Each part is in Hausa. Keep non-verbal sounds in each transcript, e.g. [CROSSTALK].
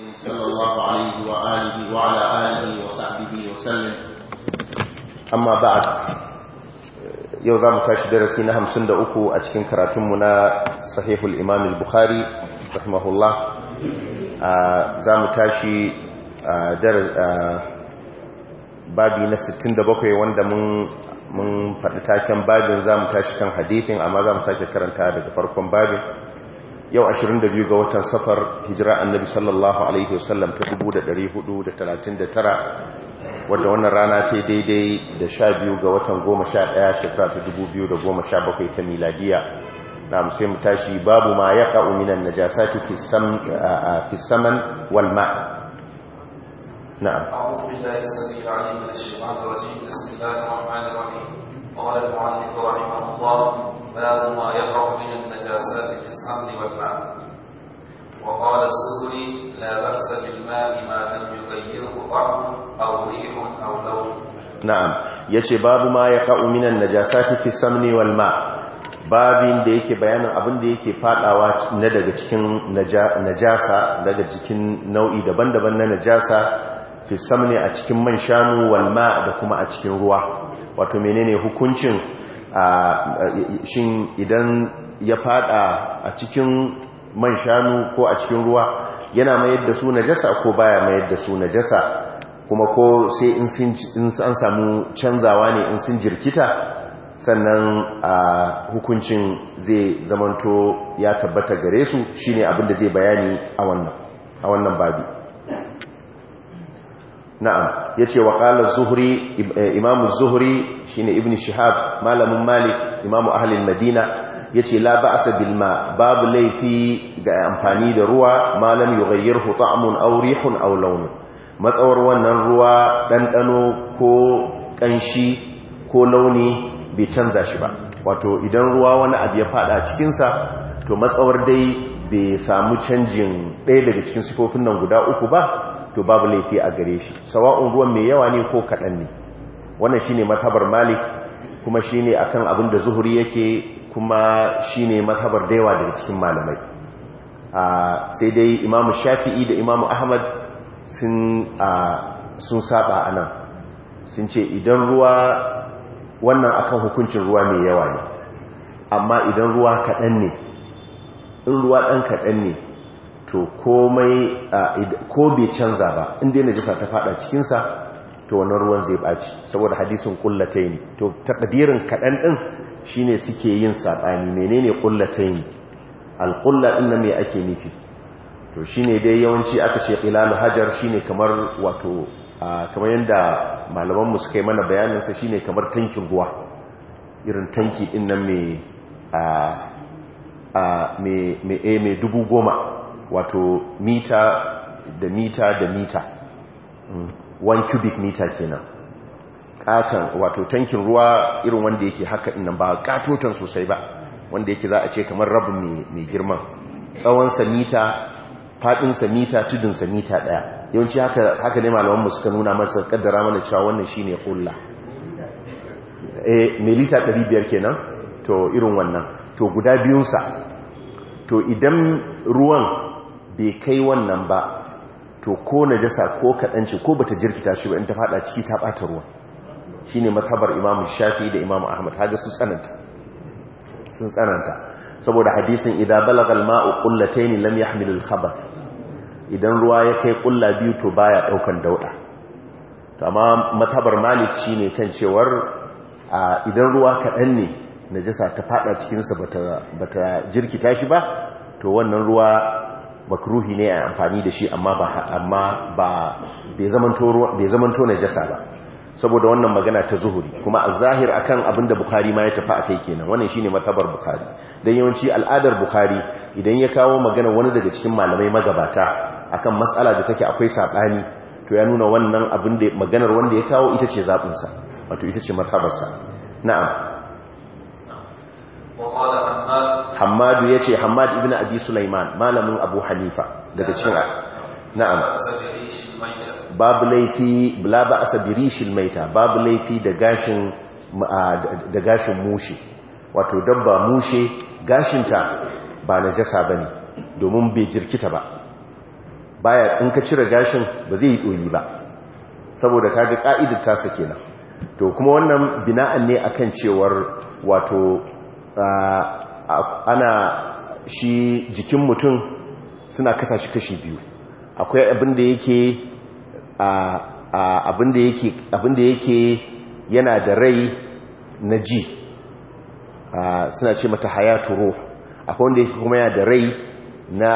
صلى الله عليه وآله وعلى آله وصحبه وسلم أما بعد yau za mu tashi darasi na hamsin da uku a cikin karatunmu na sahihul imam al-bukhari rahimahullah za mu tashi babi na 67 wanda mun faɗi taken babin za mu tashi kan hadithin amma za mu sake karanta daga farkon babin yau 22 ga watan safar hijira annabi sallallahu alaihi wasallam ta 1439 wadda wannan rana ce daidai da 12 ga watan 11 shekara ta 2017 ta miladiya na musai mu tashi babu ma ya minan najasati fi saman wal ma'a نعم أعوذ بالله السميع العليم من الشيطان الرجيم بسم الله الرحمن الرحيم قال المعلم باب ما يقع من النجاسات في الصمد والماء وقال السوري لا بأس بالماء ما لم يغيره طعم أو ريح أو لون نعم yace babu ma ya ka'u minan najasati fi samni wal ma babin da yake bayanin abin da yake fadawa na daga cikin najasa daga cikin nau'i daban-daban na najasa fi samni a cikin man shanu wal ma da kuma a cikin ruwa wato menene hukuncin shin idan ya fada a cikin man shanu ko a cikin ruwa yana mayar da su najasa ko baya mayar da su najasa kuma ko sai in an samu canzawa ne in sun jirkita sannan a hukuncin zai zamanto ya tabbata gare su shine abinda zai bayani a wannan babi. na'am yace wa qala zuhri imam az-zuhri shine ibn shihab malamin malik imam ahli al-madina yace la ba'sa bil ma babu laifi ga amfani da ruwa malam yughayyirhu ta'mun aw rihun aw lawn matsawar wannan ruwa dandano ko kanshi ko launi bai canza shi ba wato idan ruwa wani abu ya fada cikinsa to matsawar dai bai samu canjin ɗaya daga cikin sifofin nan guda uku ba to babu laifi a gare shi sawa'un ruwan mai yawa ne ko kaɗan ne wannan shine mazhabar malik kuma shine kan abin da zuhuri yake kuma shine mazhabar da yawa daga cikin malamai sai dai imamu shafi'i da imamu ahmad sun saba a nan sun ce idan ruwa wannan akan hukuncin ruwa mai yawa ne amma idan ruwa kaɗan ne in ruwa ɗan kaɗan ne to komai ko bai canza ba inda yana jisa ta fada cikinsa to wani ruwan zai baci saboda hadisin ƙullatai ne to takadirin kaɗan ɗin shi ne suke yin saɓani menene ƙullatai ne alƙulla ɗin na mai ake nufi to shi ne dai yawanci aka ce ƙilalu hajar shi ne kamar wato kamar yadda malamanmu suka yi mana bayaninsa shi ne kamar tankin ruwa irin tanki ɗin nan mai eh, dubu goma wato mita da mita da mita 1 mm. cubic mita kenan katon wato tankin ruwa irin wanda yake haka inan ba katotan sosai ba wanda yake za a ce kamar rabin mai girman tsawonsa mita faɗinsa mita tudunsa mita ɗaya yawanci haka ne malamanmu suka nuna masa kaddara mana cewa wannan shi ne ƙulla eh, mai lita 500 kenan to irin wannan to guda biyunsa to idan ruwan bai kai wannan ba to ko na jasa ko kadanci ko bata jirkita shi ba in ta fada ciki ta bata ruwa shine matabar Imam Shafi da Imam Ahmad haga su tsananta sun tsananta saboda hadisin idza balagal mau qullatayn lam yahmilu al-khabath idan ruwa ya kai kulla biyu to baya ɗaukan dauɗa. to amma matabar Malik shine kan cewar idan ruwa kaɗan ne najasa ta faɗa cikinsa sa bata bata jirkita shi ba to wannan ruwa makruhi ne a amfani da shi amma ba amma ba bai zamanto bai zamanto najasa ba saboda wannan magana ta zuhuri kuma a zahir akan abinda bukhari ma ya tafi akai kenan wannan shine matabar bukhari dan yawanci al'adar bukhari idan ya kawo magana wani daga cikin malamai magabata akan matsala da take akwai sabani to ya nuna wannan abinda maganar wanda ya kawo ita ce zabin sa wato ita ce matabarsa na'am wa qala annas hamadu ya ce hamad ibn abi sulaiman malamin abu hanifa daga cikin na'am babu laifi blaba shi maita babu laifi da gashin mushe, mushi wato dabba mushe gashinta ba na jasa ba ne domin bai jirkita ba baya in ka cire gashin ba zai yi ɗoyi ba saboda kaga ka'idar ta sake na, to kuma wannan bina'an ne akan cewar wato ana shi jikin mutum suna kasa shi kashi biyu akwai abinda yake abinda yake yana da rai na ji suna ce mata hayatu turo akwai wanda yake kuma yana da rai na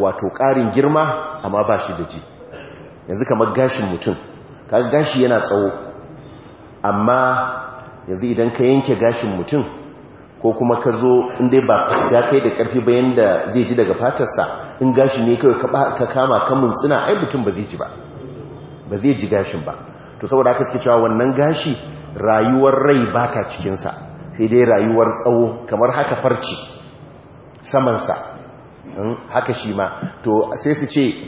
wato karin girma amma ba shi da ji yanzu kamar gashin mutum kaga gashi yana tsawo amma yanzu idan ka yanke gashin mutum ko kuma ka zo inda ba fusga kai da karfi bayan da zai ji daga fatarsa in gashi ne kawai ka kama kamun tsina ai mutum ba zai ji ba ba zai ji gashin ba to saboda haka suke cewa wannan gashi rayuwar rai ba ta cikinsa sai dai rayuwar tsawo kamar haka farci samansa hmm, haka shi ma to sai su ce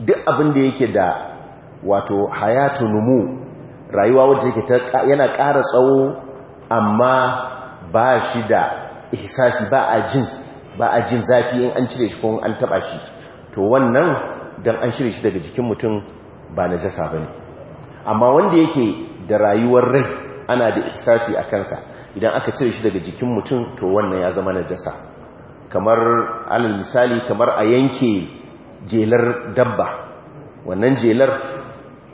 duk abin da yake da wato hayatu numu rayuwa wadda yake yana ƙara tsawo amma ba shi da ihsasi ba a jin ba a jin zafi in an cire shi ko an taba shi to wannan dan an shirye shi daga jikin mutum ba na jasa ba ne, amma wanda yake da rayuwar rai ana da ihsasi a kansa idan aka cire shi daga jikin mutum to wannan ya zama najasa kamar alal misali kamar a yanke jelar dabba wannan jelar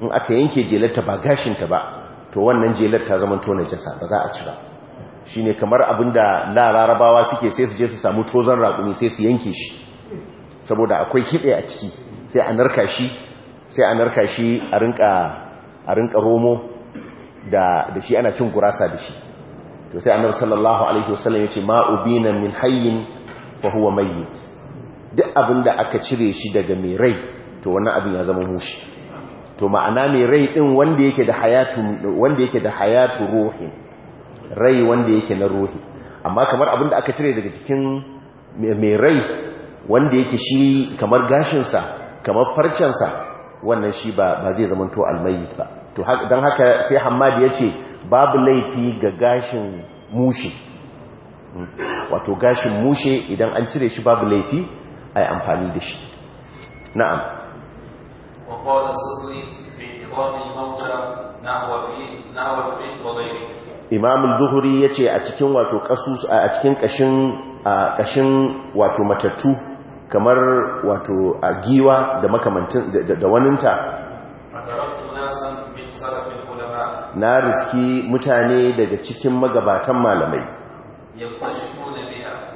in aka yanke jelar ta ba gashin ta ba to wannan jelar ta zama to najasa ba za a cira Shi ne kamar abinda la larabawa suke sai su je su samu tozon raƙumi sai su yanke shi saboda akwai kitse a ciki sai a narka shi sai a narka shi a rinka romo da shi ana cin gurasa da shi to sai annabi sallallahu alaihi wasallam yace ma ubina min hayyin fa huwa mayyit duk abinda aka cire shi daga mai rai to wannan abin ya zama mushi to ma'ana mai rai din wanda yake da hayatu wanda rai wanda yake na ruhi amma kamar abin da aka cire daga cikin mai rai wanda yake shi kamar gashinsa kamar farcensa wannan shi ba zai zama zamanto almayi ba to don haka sai hamadu ya ce babu laifi ga gashin mushe hmm. wato gashin mushe idan an cire shi babu laifi a yi amfani da shi na'am وقال السطري في إكرام الموتى نحو الفيل وغيره imam zuhuri ya ce a cikin wato kasus a cikin kashin a kashin wato matattu kamar wato a giwa da makamantin da waninta na riski mutane daga cikin magabatan malamai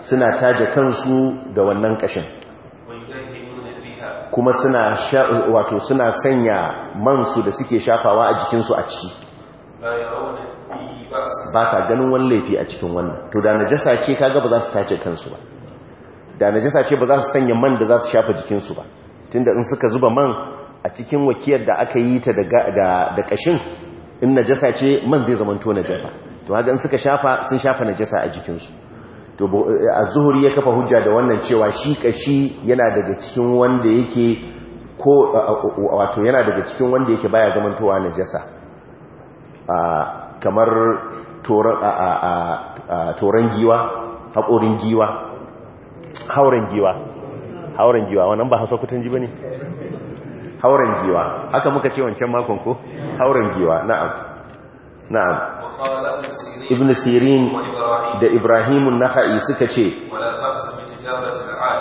suna taje kansu da wannan kashin kuma suna wato suna sanya mansu da suke shafawa a jikinsu a ciki ba sa ganin wani laifi a cikin wannan to da najasa ce kaga ba za su tace kansu ba da najasa ce ba za su sanya man da za su shafa jikinsu ba tunda in suka zuba man a cikin wakiyar da aka yi ta da kashin in najasa ce man zai to najasa to haka in suka shafa sun shafa najasa a jikinsu to az-zuhri ya kafa hujja da wannan cewa shi kashi yana daga cikin wanda yake ko wato yana daga cikin wanda yake baya zamantowa najasa a kamar toron giwa haƙorin giwa hauren giwa hauren giwa wannan ba hausa ji ba ne hauren giwa haka muka ce wancan makon ko hauren giwa na'am na'am ibn sirin da ibrahimun naha'i suka ce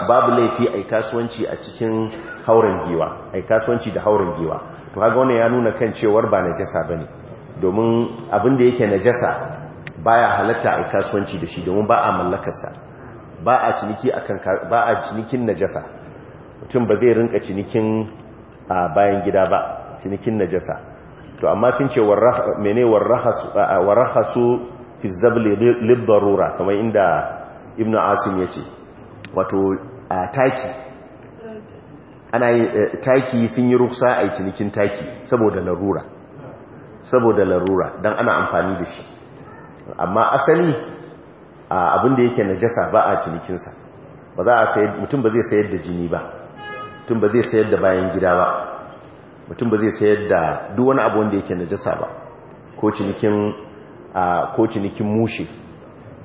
babu laifi a kasuwanci a cikin hauren giwa a kasuwanci da hauren giwa to haka wani ya nuna kan cewar ba na jasa ba ne domin abin da yake najasa baya halatta a kasuwanci da shi domin ba a mallakarsa ba a ciniki akan ba a cinikin najasa mutum ba zai rinka cinikin a bayan gida ba cinikin najasa to amma sun ce menewar warahasu fi zabli kamar inda ibnu asim yace wato a taki ana eh, taki sun yi ruksa a cinikin taki saboda larura saboda larura don ana amfani da shi amma asali abin da yake najasa ba a cinikinsa ba za a sayar mutum ba zai sayar da jini ba mutum ba zai sayar da bayan gida ba mutum ba zai sayar da duk wani abu wanda yake najasa ba ko cinikin ko cinikin mushi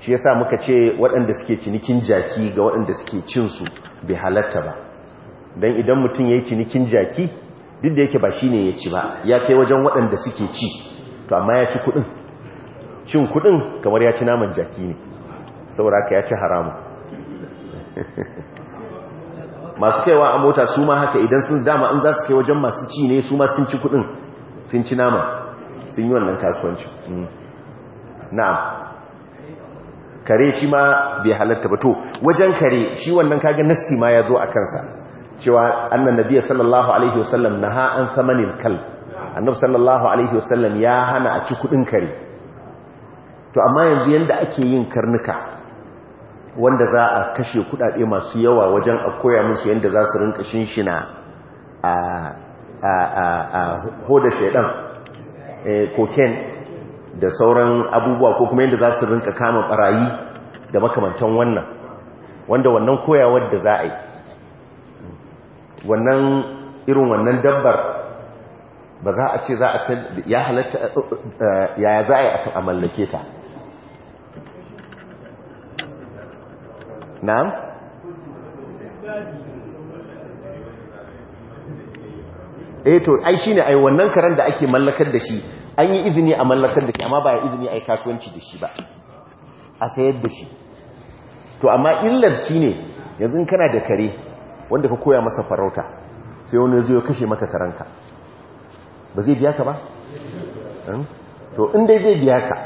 shi yasa muka ce waɗanda suke cinikin jaki ga waɗanda suke cinsu bai halatta ba don idan mutum ya yi cinikin jaki duk da yake ba shi ne ya ci ba ya kai wajen waɗanda suke ci to amma ya ci kuɗin cin kuɗin kamar ya ci naman jaki ne saboda ka ya ci haramun [LAUGHS] masu kaiwa a mota su ma haka idan sun dama in za su kai wajen masu ci ne su ma sun ci kuɗin sun ci nama sun yi wannan kasuwanci hmm. na'am kare shi ma bai halatta ba to wajen kare shi wannan kaga nassi ma ya zo a kansa cewa annan nabiya sallallahu alaihi wasallam naha an samanin kal annab sallallahu alaihi wasallam ya hana a ci kudin kare to amma yanzu yadda ake yin karnuka wanda za a kashe kudade masu yawa wajen a koya musu yanda za su rinka shinshina a a a hoda shedan cocaine eh, da sauran abubuwa ko kuma yanda za su rinka kama barayi da makamantan wannan wanda wannan koyawar da za a yi wannan irin wannan dabbar ba za a ce za a san ya halatta eh, eh, yaya za a yi a san mallake ta na? eh to ai shine ai wannan karen da ake mallakar da shi an yi izini a mallakar da shi amma ba ya izini ai kasuwanci da shi ba a sayar da shi to amma illar shine yanzu kana da kare wanda ka koya masa farauta sai wani zai kashe maka karanka ba zai biya ka ba hmm? to inda zai biya ka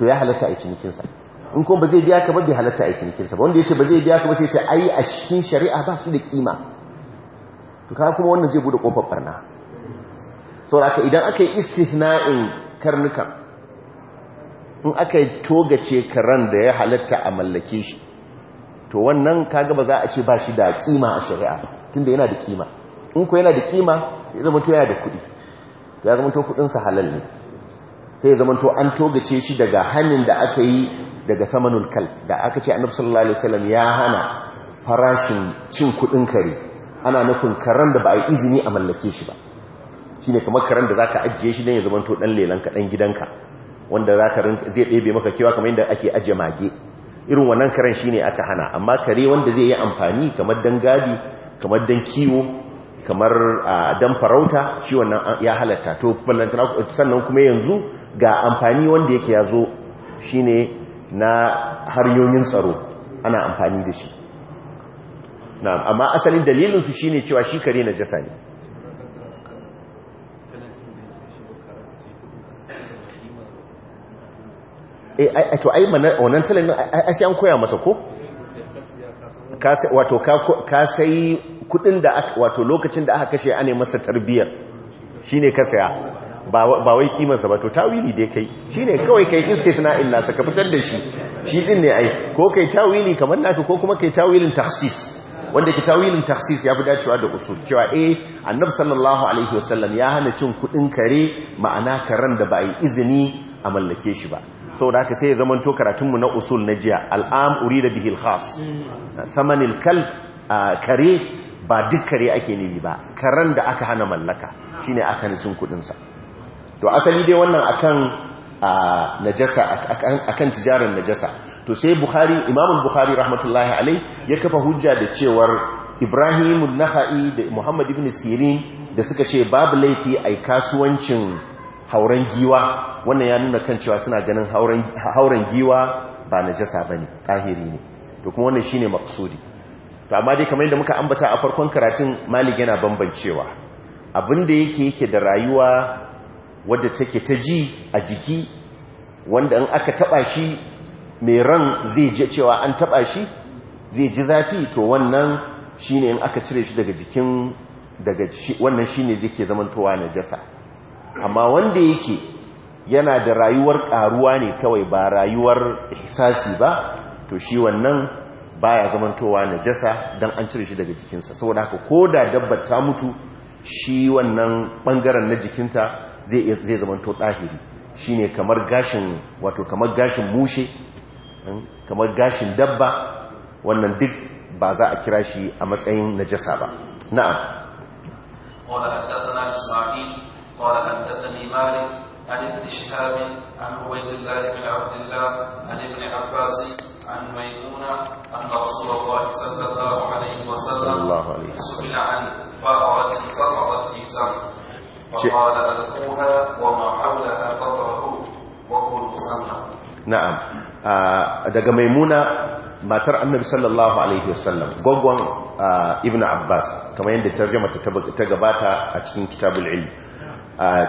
to ya halatta a cinikinsa in kuma ba zai biya ka ba bai halatta a cinikinsa ba wanda ya ce ba zai biya ka ba sai ce ai a cikin shari'a ba su da kima to kaga kuma wannan zai bude kofar barna saboda idan aka yi istihna'in karnukan in aka yi togace karan da ya halatta a mallake shi to wannan kaga ba za a ce ba shi da kima a shari'a tunda yana da kima in ko yana da kima ya zama to yana da kuɗi ya zama to kuɗin sa halal ne sai ya zama to an togace shi daga hannun da aka yi daga samanul kal da aka ce annabi sallallahu alaihi wasallam ya hana farashin cin kuɗin kare ana nufin karen da ba a yi izini a mallake shi ba shine kamar karen da zaka ajiye shi dan ya zama to dan lelanka ka dan gidanka wanda zaka zai ɗebe maka kewa kamar yadda ake ajiye mage irin wannan karen shine aka hana amma kare wanda zai yi amfani kamar dan gadi kamar dan kiwo kamar dan farauta shi wannan ya halatta to sannan kuma yanzu ga amfani wanda yake yazo shine na haryoyin tsaro ana amfani da shi amma asalin dalilin su shine cewa shi kare najasa ne Eh, to ai wannan talin a shi an koya masa ko wato ka sai kudin da wato lokacin da aka kashe ane masa tarbiyyar shine ka saya ba wai kimansa ba to tawili dai kai shine kawai kai istisna illa saka fitar da shi shi din ne ai ko kai tawili kamar naka ko kuma kai tawilin takhsis wanda ke tawilin takhsis fi dacewa da usul cewa eh annab sallallahu alaihi wasallam ya hana cin kudin kare ma'ana karen da ba yi izini a mallake shi ba da aka sai ya zamanto karatunmu na usul na jiya al'am da bihil khas samanil kal kare ba duk kare ake nufi ba karen da aka hana mallaka shine aka nutsin kudinsa to asali dai wannan akan najasa akan tijarar najasa to sai buhari imamun buhari rahmatullahi alai ya kafa hujja da cewar ibrahim naha'i da muhammad ibn sirin da suka ce babu laifi a kasuwancin hauren giwa wannan ya nuna kan cewa suna ganin hauren giwa ba na jasa ba ne ƙahiri ne. to kuma wannan shine maksudi to amma dai kamar yadda muka ambata a farkon karatun malig yana bambancewa abinda yake yake da rayuwa wadda take ta ji a jiki wanda in aka taba shi mai ran zai ji cewa an taba shi zai ji zafi to wannan shine in aka cire shi daga jikin daga wannan ne zai ke zamantowa na jasa. amma wanda yake yana da rayuwar karuwa ne kawai ba rayuwar hisasi ba to shi wannan baya zamantowa jasa don an cire shi daga jikinsa saboda haka ko da dabba ta mutu shi wannan bangaren na jikinta zai zai zamanto dahiri shine kamar gashin wato kamar gashin mushe hmm, kamar gashin dabba wannan duk ba za a kira shi a matsayin najasa ba na'am عن ابن شهاب عن عبيد الله بن عبد الله عن ابن عباس عن ميمونة أن رسول الله صلى الله عليه وسلم سئل عن بقرة سقطت في سم فقال ألقوها وما حولها فطره وكونوا سمنا نعم daga maimuna matar annabi sallallahu alaihi wasallam gwaggon ibn abbas kamar yadda tarjama ta gabata a cikin kitabul ilm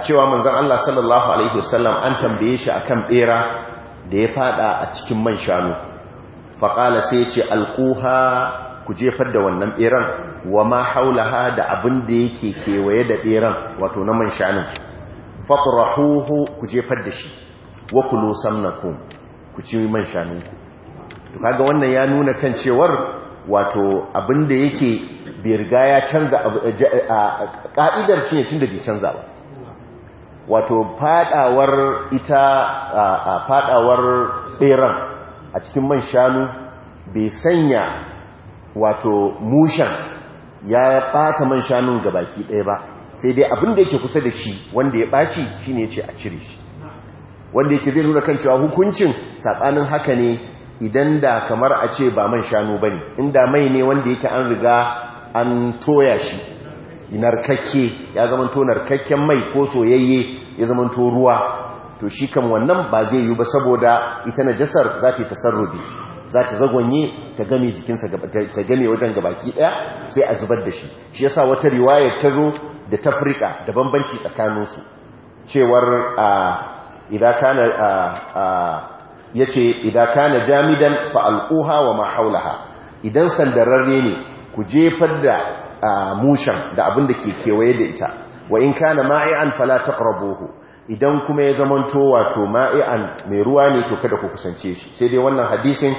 cewa manzon Allah sallallahu alaihi wasallam an tambaye shi a kan bera da ya fada a cikin man shanu Faƙala sai ce alƙuha ku jefar da wannan beran wa ma haulaha da abin da yake kewaye da beran wato na man shanu huhu ku jefar da shi wa ku lo samna ku ci man shanu to kaga wannan ya nuna kan cewar wato abin da yake birga ya canza ka'idar shi ne tun da bai canza ba wato fadawar ita a fadawar beran a cikin man shanu bai sanya wato mushen ya bata man shanun gabaki ɗaya ba sai dai abin da yake kusa da shi wanda ya ɓaci shi ne ce a cire shi wanda yake zai nuna kan cewa hukuncin saɓanin haka ne idan da kamar a ce ba man shanu ba ne inda mai ne wanda yake an riga an toya shi narkakke ya zamanto narkakken mai ko soyayye ya zamanto ruwa to shi kan wannan ba zai yi ba saboda ita najasar za ta yi tasarrufi za ta zagonye ta game jikinsa ta game wajen gabaki daya sai a zubar da shi shi yasa wata riwaya ta zo da tafrika da bambanci tsakaninsu cewar a idan a yace idan jamidan fa alquha wa ma haulaha idan sandararre ne ku jefar da mushan da abin da ke kewaye da ita wa in kana ma'i'an fala taqrabuhu idan kuma ya zamanto wato ma'i'an mai ruwa ne to kada ku kusance shi sai dai wannan hadisin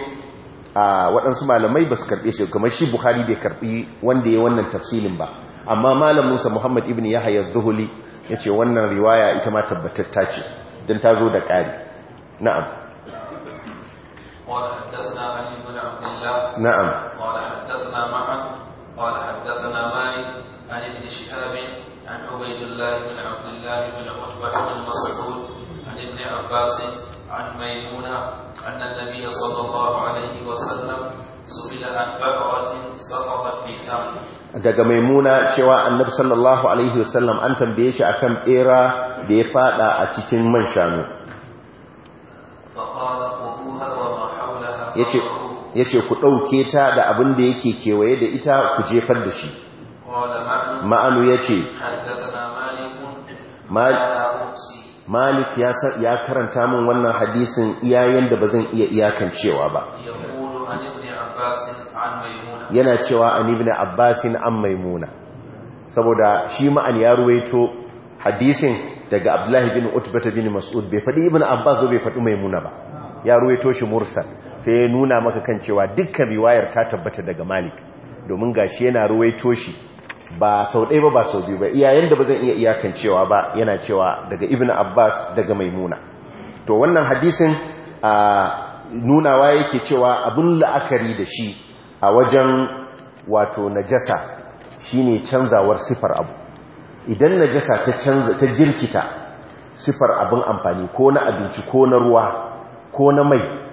a waɗansu malamai ba su karɓe shi kamar shi Bukhari bai karɓi wanda ya wannan tafsilin ba amma malam musa Muhammad ibn Yahya az-Zuhli yace wannan riwaya ita ma tabbatar ta ce dan ta zo da ƙari na'am na'am قال حدثنا مالك عن ابن شهاب عن عبيد الله بن عبد الله بن عتبة بن مسعود عن ابن عباس عن ميمونة أن النبي صلى الله عليه وسلم سئل عن بقرة سقطت في سمن daga maimuna cewa annabi sallallahu alaihi wasallam an tambaye shi akan bera da ya fada a cikin man shanu yace ya ce ku ɗauke ta da abin da yake kewaye da ita ku jefar da shi ma'anu ya ce malik ya karanta min wannan hadisin iyayen da ba zan iya iyakan cewa ba yana cewa an ibn abbasin an maimuna saboda shi ma'an ya ruwaito hadisin daga abdullahi bin utbata bin mas'ud bai faɗi ibn abbas bai faɗi maimuna ba ya ruwaito shi mursal sai ya nuna maka kan cewa dukkan riwayar ta tabbata daga malik domin gashi yana ruwaito shi ba sau ɗaya ba ba sau biyu ba iyayen da ba zan iya iyakan cewa ba yana cewa daga ibn abbas daga maimuna to wannan hadisin a nunawa yake cewa abin la'akari da shi a wajen wato najasa shine canzawar sifar abu idan najasa ta canza ta jirkita sifar abin amfani ko na abinci ko na ruwa ko na mai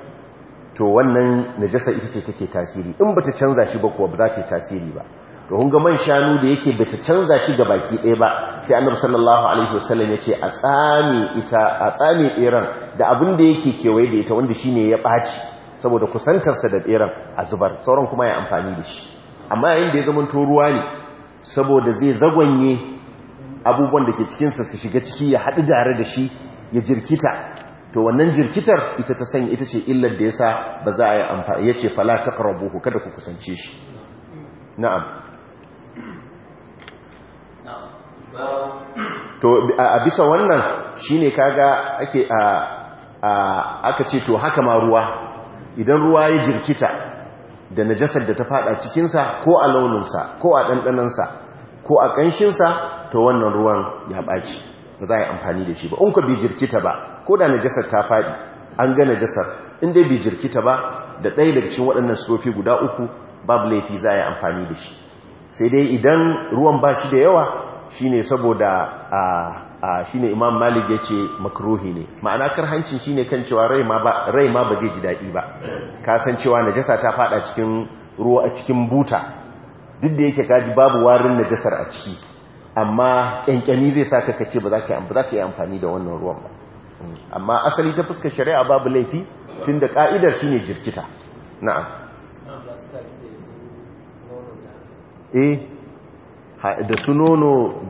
to wannan najasa ita ce take tasiri in bata canza shi ba kuwa ba za ta tasiri ba to hunga man shanu da yake bata canza shi ga baki ɗaya ba sai annabi sallallahu alaihi wasallam ya ce a tsame ita a tsame ɗeran da abin da yake kewaye da ita wanda shi ne ya ɓaci saboda kusantarsa da ɗeran a zubar sauran kuma ya amfani da shi amma yayin da ya zama to ruwa ne saboda zai zagwanye abubuwan da ke cikinsa su shiga ciki ya haɗu tare da shi ya jirkita to wannan jirkitar ita ta sanya ita ce illar da yasa ba za a yi amfani ce fala ku, kada ku kusance shi na'am to a bisa wannan shine kaga ake a aka ce to haka ma ruwa idan ruwa ya jirkita da najasar da ta fada cikinsa ko a launinsa ko a ɗanɗanansa ko a ƙanshinsa to wannan ruwan ya ɓaci ba za a yi amfani da shi ba in ka bi jirkita ba ko da najasar ta faɗi an ga najasar in dai bai jirkita ba da ɗaya daga cikin waɗannan sufofi guda uku babu laifi za a yi amfani da shi sai dai idan ruwan ba shi da yawa shine saboda a ne imam malik ya ce makruhi ne ma'ana kar karhancin shine kan cewa rai ma ba zai ji daɗi ba kasan cewa najasa ta faɗa cikin ruwa a cikin buta duk da yake kaji babu warin najasar a ciki amma ƙyanƙyani zai sa ka kace ba za ka yi amfani da wannan ruwan ba amma asali ta fuskar shari'a babu laifi tun da ka'idar shine jirkita na'am eh da su nono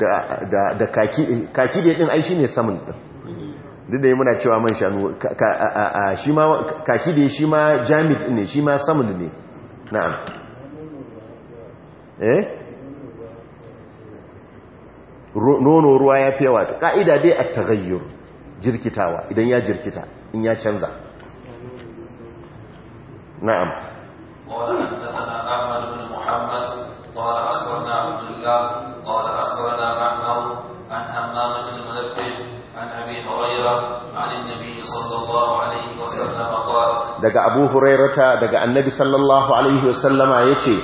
da kaki da din aishi ne samun ɗin. duk da yi muna cewa man shanu kaki da shi ma jamid ne shi ma samun ne na'am eh nono ruwa ya fi yawa ƙa'ida dai a tagayyar jirkitawa idan ya jirkita in ya canza na'am daga abu hurairata daga annabi sallallahu alaihi wasallama ya ce.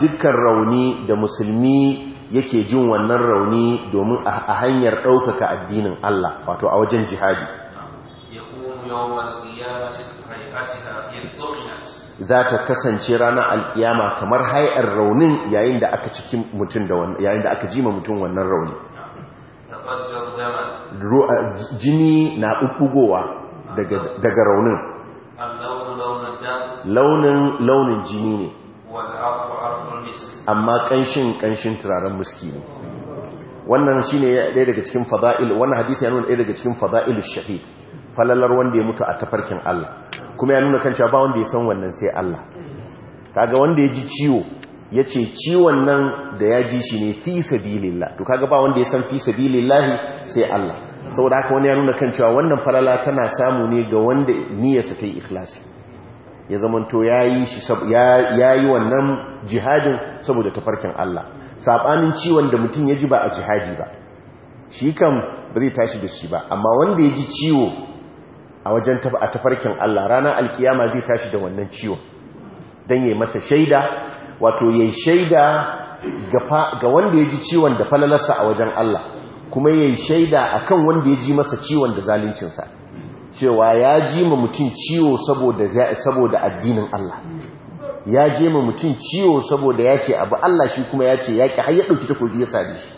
dukkan rauni da musulmi yake jin wannan rauni domin a hanyar ɗaukaka addinin Allah wato a wajen jihadi za ta kasance ranar alkiyama kamar hai'ar raunin yayin da aka ciki mutum da wannan yayin da aka jima mutum wannan rauni jini na daga daga raunin launin launin jini ne amma kanshin kanshin turaren muski ne wannan shine ɗaya daga cikin fada'il wannan hadisi ya nuna ɗaya daga cikin fada'il shahid falalar wanda ya mutu a tafarkin Allah kuma ya nuna kan cewa ba wanda ya san wannan sai Allah kaga wanda ya ji ciwo ya ce ciwon nan da ya ji shi ne fi sabilillah to kaga ba wanda ya san fi sabilillah sai Allah saboda haka wani ya nuna kan cewa wannan falala tana samu ne ga wanda niyyarsa ta yi ikhlasi ya zamanto ya yi wannan jihadin saboda tafarkin Allah saɓanin ciwon da mutum ya ji ba a jihadi ba shi kan ba zai tashi da shi ba amma wanda ya ji ciwo a wajen tafarkin Allah ranar alkiyama zai tashi da wannan ciwon don ya masa shaida wato ya shaida ga wanda ya ji ciwon da falalarsa a wajen Allah kuma ya shaida akan wanda ya ji masa ciwon da zaluncinsa cewa ya ji ma mutum ciwo saboda addinin Allah ya je ma mutum ciwo saboda ya ce abu Allah shi kuma ya ce yaƙi har ya ɗauki takobi ya sadi shi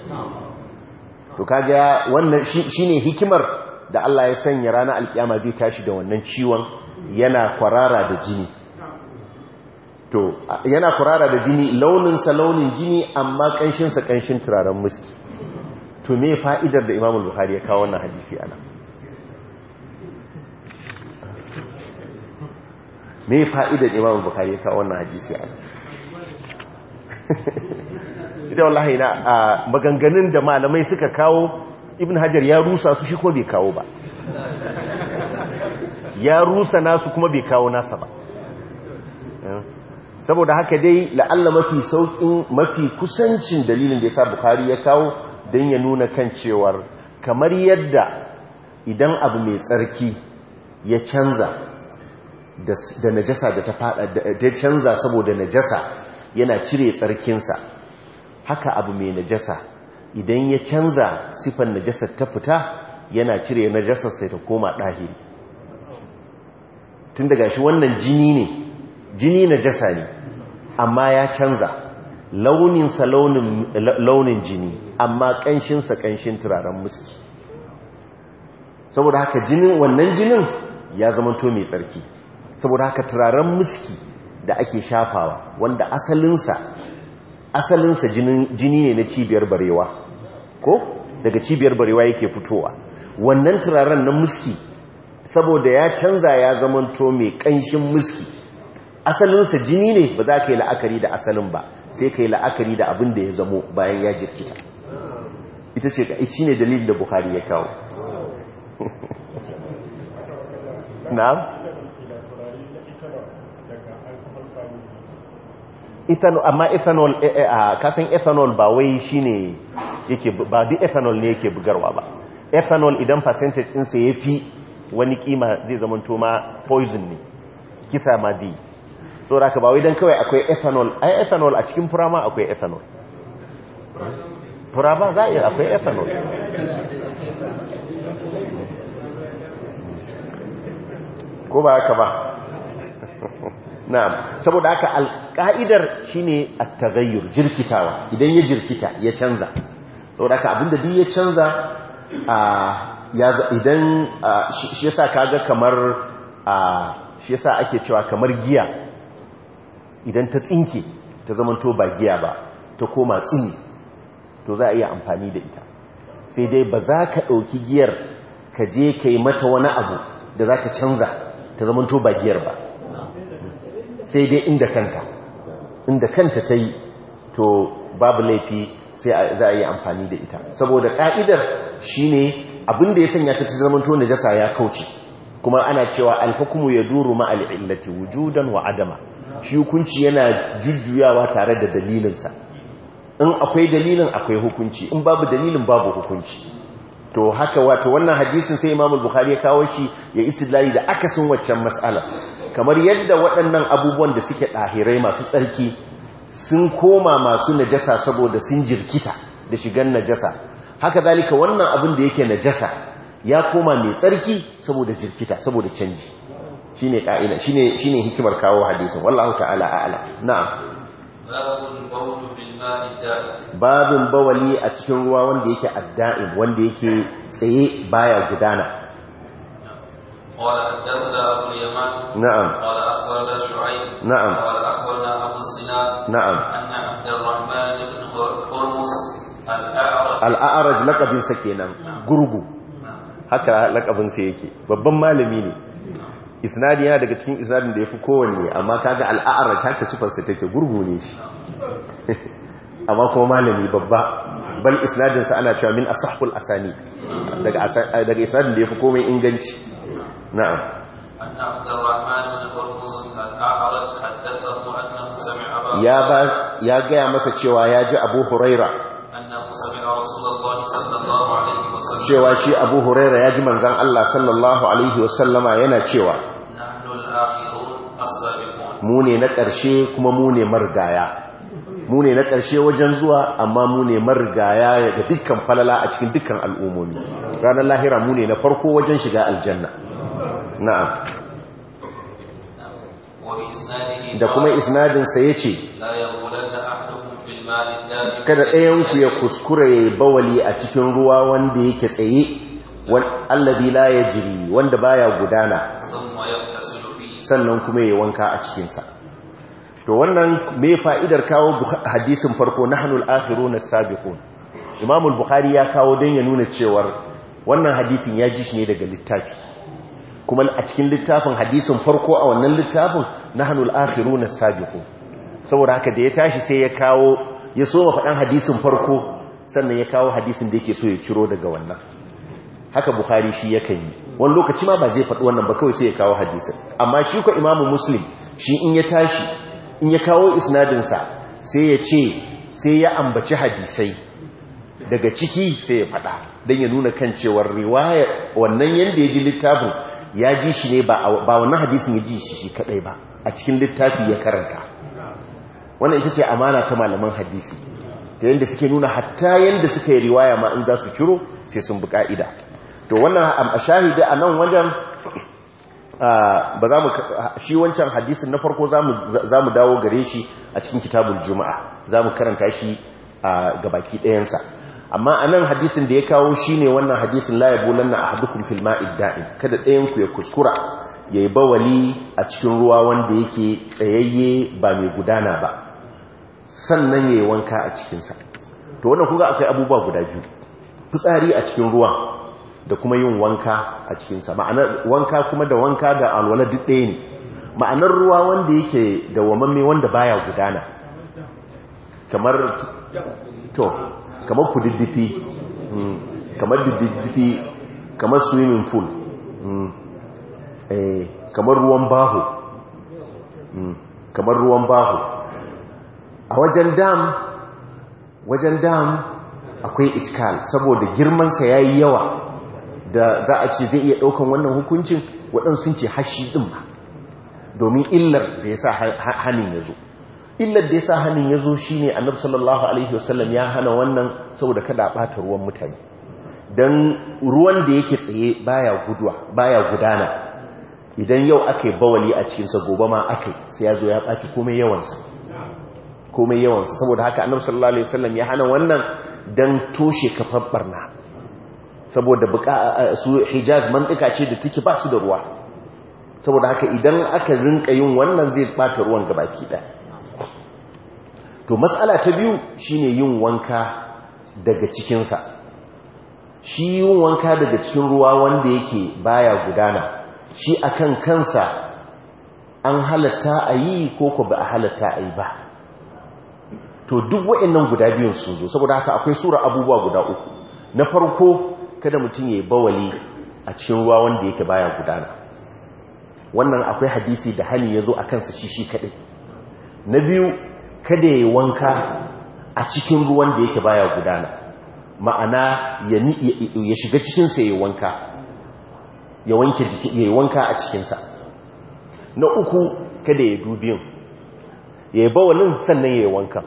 to kaga wannan shi ne hikimar da Allah ya sanya rana alkiyama zai tashi da wannan ciwon yana kwarara da jini to yana kwarara da jini launinsa launin jini amma ƙanshinsa ƙanshin turaren muski to me fa'idar da Imam Bukhari ya kawo wannan hadisi anan me fa'idar imam bukari ya kawo wannan hadisi a [LAUGHS] ita wallahi na a maganganun da malamai suka kawo ibn hajar ya rusa su shi ko bai kawo ba ya rusa nasu kuma bai kawo nasa ba eh? saboda haka dai la'alla mafi saukin mafi kusancin dalilin da ya sa bukari ya kawo don ya nuna kan cewar kamar yadda idan abu mai tsarki ya canza da najasa da ta fada da canza saboda najasa yana cire tsarkinsa haka abu mai najasa idan ya canza sifan najasar ta fita yana cire najasar sai ta koma ɗahiri tun daga shi wannan jini ne jini najasa ne amma ya canza launinsa launin jini amma ƙanshinsa ƙanshin turaren muski saboda haka jinin wannan jinin ya zama to mai tsarki saboda haka turaren miski da ake shafawa wanda asalinsa asalinsa jini ne na cibiyar barewa ko daga cibiyar barewa yake fitowa wannan turaren na miski saboda ya canza ya zamanto mai kanshin miski asalinsa jini ne ba za ka yi la'akari da asalin ba sai ka yi la'akari da abin da ya zamo bayan ya jirkita ita ce ka ici ne dalilin da buhari ya kawo [LAUGHS] na'am ethanol amma ethanol eh, eh, ah, kasan ethanol ba wai shine yake ba bi ethanol ne yake bugarwa ba ethanol idan percentage ɗinsa ya fi wani kima zai zama to ma poison ne kisa ma zai so da ba wai don kawai akwai ethanol ai ethanol a cikin furama akwai ethanol furama za a yi akwai ethanol ko ba haka ba [LAUGHS] na'am saboda haka alƙa'idar shine at-taghayyur jirkitawa idan ya jirkita ya canza saboda haka abinda duk ya canza idan shi yasa kaga kamar shi yasa ake cewa kamar giya idan ta tsinke ta zamanto ba giya ba ta koma tsini to za a iya amfani da ita sai dai ba za ka ɗauki giyar ka je ka yi mata wani abu da za ta canza ta zamanto ba giyar ba sai dai inda kanta inda kanta ta yi to babu laifi sai za a yi amfani da ita saboda ka'idar shine abin da ya sanya ta zamanto jasa ya kauce kuma ana cewa alfakumu ya duru ma al'illati wujudan wa adama shi hukunci yana jujjuyawa tare da dalilinsa in akwai dalilin akwai hukunci in babu dalilin babu hukunci to haka wato wannan hadisin sai imamul bukhari ya kawo shi ya istidlali da akasin waccan mas'ala kamar yadda waɗannan abubuwan da suke ɗahirai masu tsarki sun koma masu najasa saboda sun jirkita da shigan najasa haka zalika wannan abin da yake najasa ya koma mai tsarki saboda jirkita saboda canji Shi ne ka'ida shi ne hikimar kawo hadisin wallahu ta'ala ala na'am babin bawali a cikin ruwa wanda yake adda'im wanda yake tsaye baya gudana قال حدثنا أبو اليمان نعم قال أخبرنا شعيب نعم قال أخبرنا أبو السنان نعم أن عبد الرحمن بن هرمز الأعرج الأعرج لقب سكينا قربو haka lakabinsa yake babban malami ne isnadi yana daga cikin isnadin da ya fi kowanne amma kaga al'a'arar haka sufarsa take gurgu ne shi amma kuma malami babba bal isnadinsa ana cewa min asahul asani daga isnadin da ya fi komai inganci نعم أن عبد يا با يا جاء مسا cewa ya ji Abu Huraira cewa shi Abu Huraira ya ji manzon Allah sallallahu alaihi wasallama yana cewa mu ne na ƙarshe kuma mu ne marigaya mu ne na ƙarshe wajen zuwa amma mu ne marigaya ga dukkan falala a cikin dukkan al'umomi. ranar lahira mu ne na farko wajen shiga aljanna na'am da kuma isnadinsa ya ce kada ɗayan ku ya kuskura yayi bawali a cikin ruwa wanda yake tsaye allabi la ya jiri wanda baya gudana sannan kuma yayi wanka a cikinsa to wannan me fa'idar kawo hadisin farko na hannun akiru na sabikun imamul bukhari ya kawo don ya nuna cewa wannan hadisin ya ji shi ne daga littafi kuma a cikin littafin hadisin farko a wannan littafin na nahnul na sabiku saboda haka da ya tashi sai ya kawo ya so faɗan hadisin farko sannan ya kawo hadisin da yake so ya ciro daga wannan haka Buhari shi yakan yi wani lokaci ma ba zai faɗi wannan ba kawai sai ya kawo hadisin amma shi ko imamu muslim shi in ya tashi in ya kawo isnadinsa sai ya ce sai ya ambaci hadisai daga ciki sai ya faɗa don ya nuna kan cewar riwayar wannan yadda ya ji littafin ya ji shi ne ba wannan hadisin ya ji shi shi kadai ba a cikin littafi ya karanta wannan ita ce amana ta malaman hadisi ta yadda suke nuna hatta yadda suka yi riwaya ma in za su ciro sai sun bi ka'ida to wannan a shahidi a nan wajen shi wancan hadisin na farko za mu dawo gare shi a cikin kitabun juma'a za mu karanta shi a baki ɗayansa amma a nan hadisin da ya kawo shi ne wannan hadisin la yabulanna a hadukun filma idda'in kada ɗayan ku ya kuskura ya yi bawali a cikin ruwa wanda yake tsayayye ba mai gudana ba sannan ya yi wanka a cikinsa. to wannan kuga akwai abubuwa guda biyu fitsari a cikin ruwa da kuma yin wanka a cikinsa ma'anar wanka kuma da wanka ga alwala duk ɗaya ne ma'anar ruwa wanda yake dawamamme wanda baya gudana kamar to kamar ku diddifi, hmm, kamar diddifi, kamar swimming pool hmm, eh, kamar ruwan baho hmm, kamar ruwan baho a wajen dam wajen dam akwai iskal saboda girmansa ya yi yawa da za a ce zai iya ɗaukan wannan hukuncin waɗansu ce hashi ɗin ba domin illar da ya sa hannun ya zo illar da yasa hannun ya zo shi ne annabi sallallahu alaihi wasallam ya hana wannan saboda kada ɓata ruwan mutane don ruwan da yake tsaye baya guduwa baya gudana idan yau aka yi bawali a cikinsa gobe ma aka yi sai ya zo ya ɓaci komai yawansa komai yawansa saboda haka annabi sallallahu alaihi wasallam ya hana wannan don toshe kafar barna saboda su hijaz mantika ce da take ba su da ruwa saboda haka idan aka rinka yin wannan zai ɓata ruwan gabaki ɗaya to matsala ta biyu shine yin wanka daga cikinsa shi yin wanka daga cikin ruwa wanda yake baya gudana shi akan kansa an halatta a yi ko ko ba a halatta a yi ba to duk wa'annan guda biyun sun zo saboda haka akwai sura abubuwa guda uku na farko kada mutum ya yi bawali a cikin ruwa wanda yake baya gudana wannan akwai hadisi da hali ya zo a kansa shi shi kaɗai na biyu kada ya wanka a cikin ruwan da yake baya gudana ma'ana ya shiga cikinsa ya wanka ya wanka a cikinsa na uku kada ya dubi, ya yi bawalin sannan ya yi wanka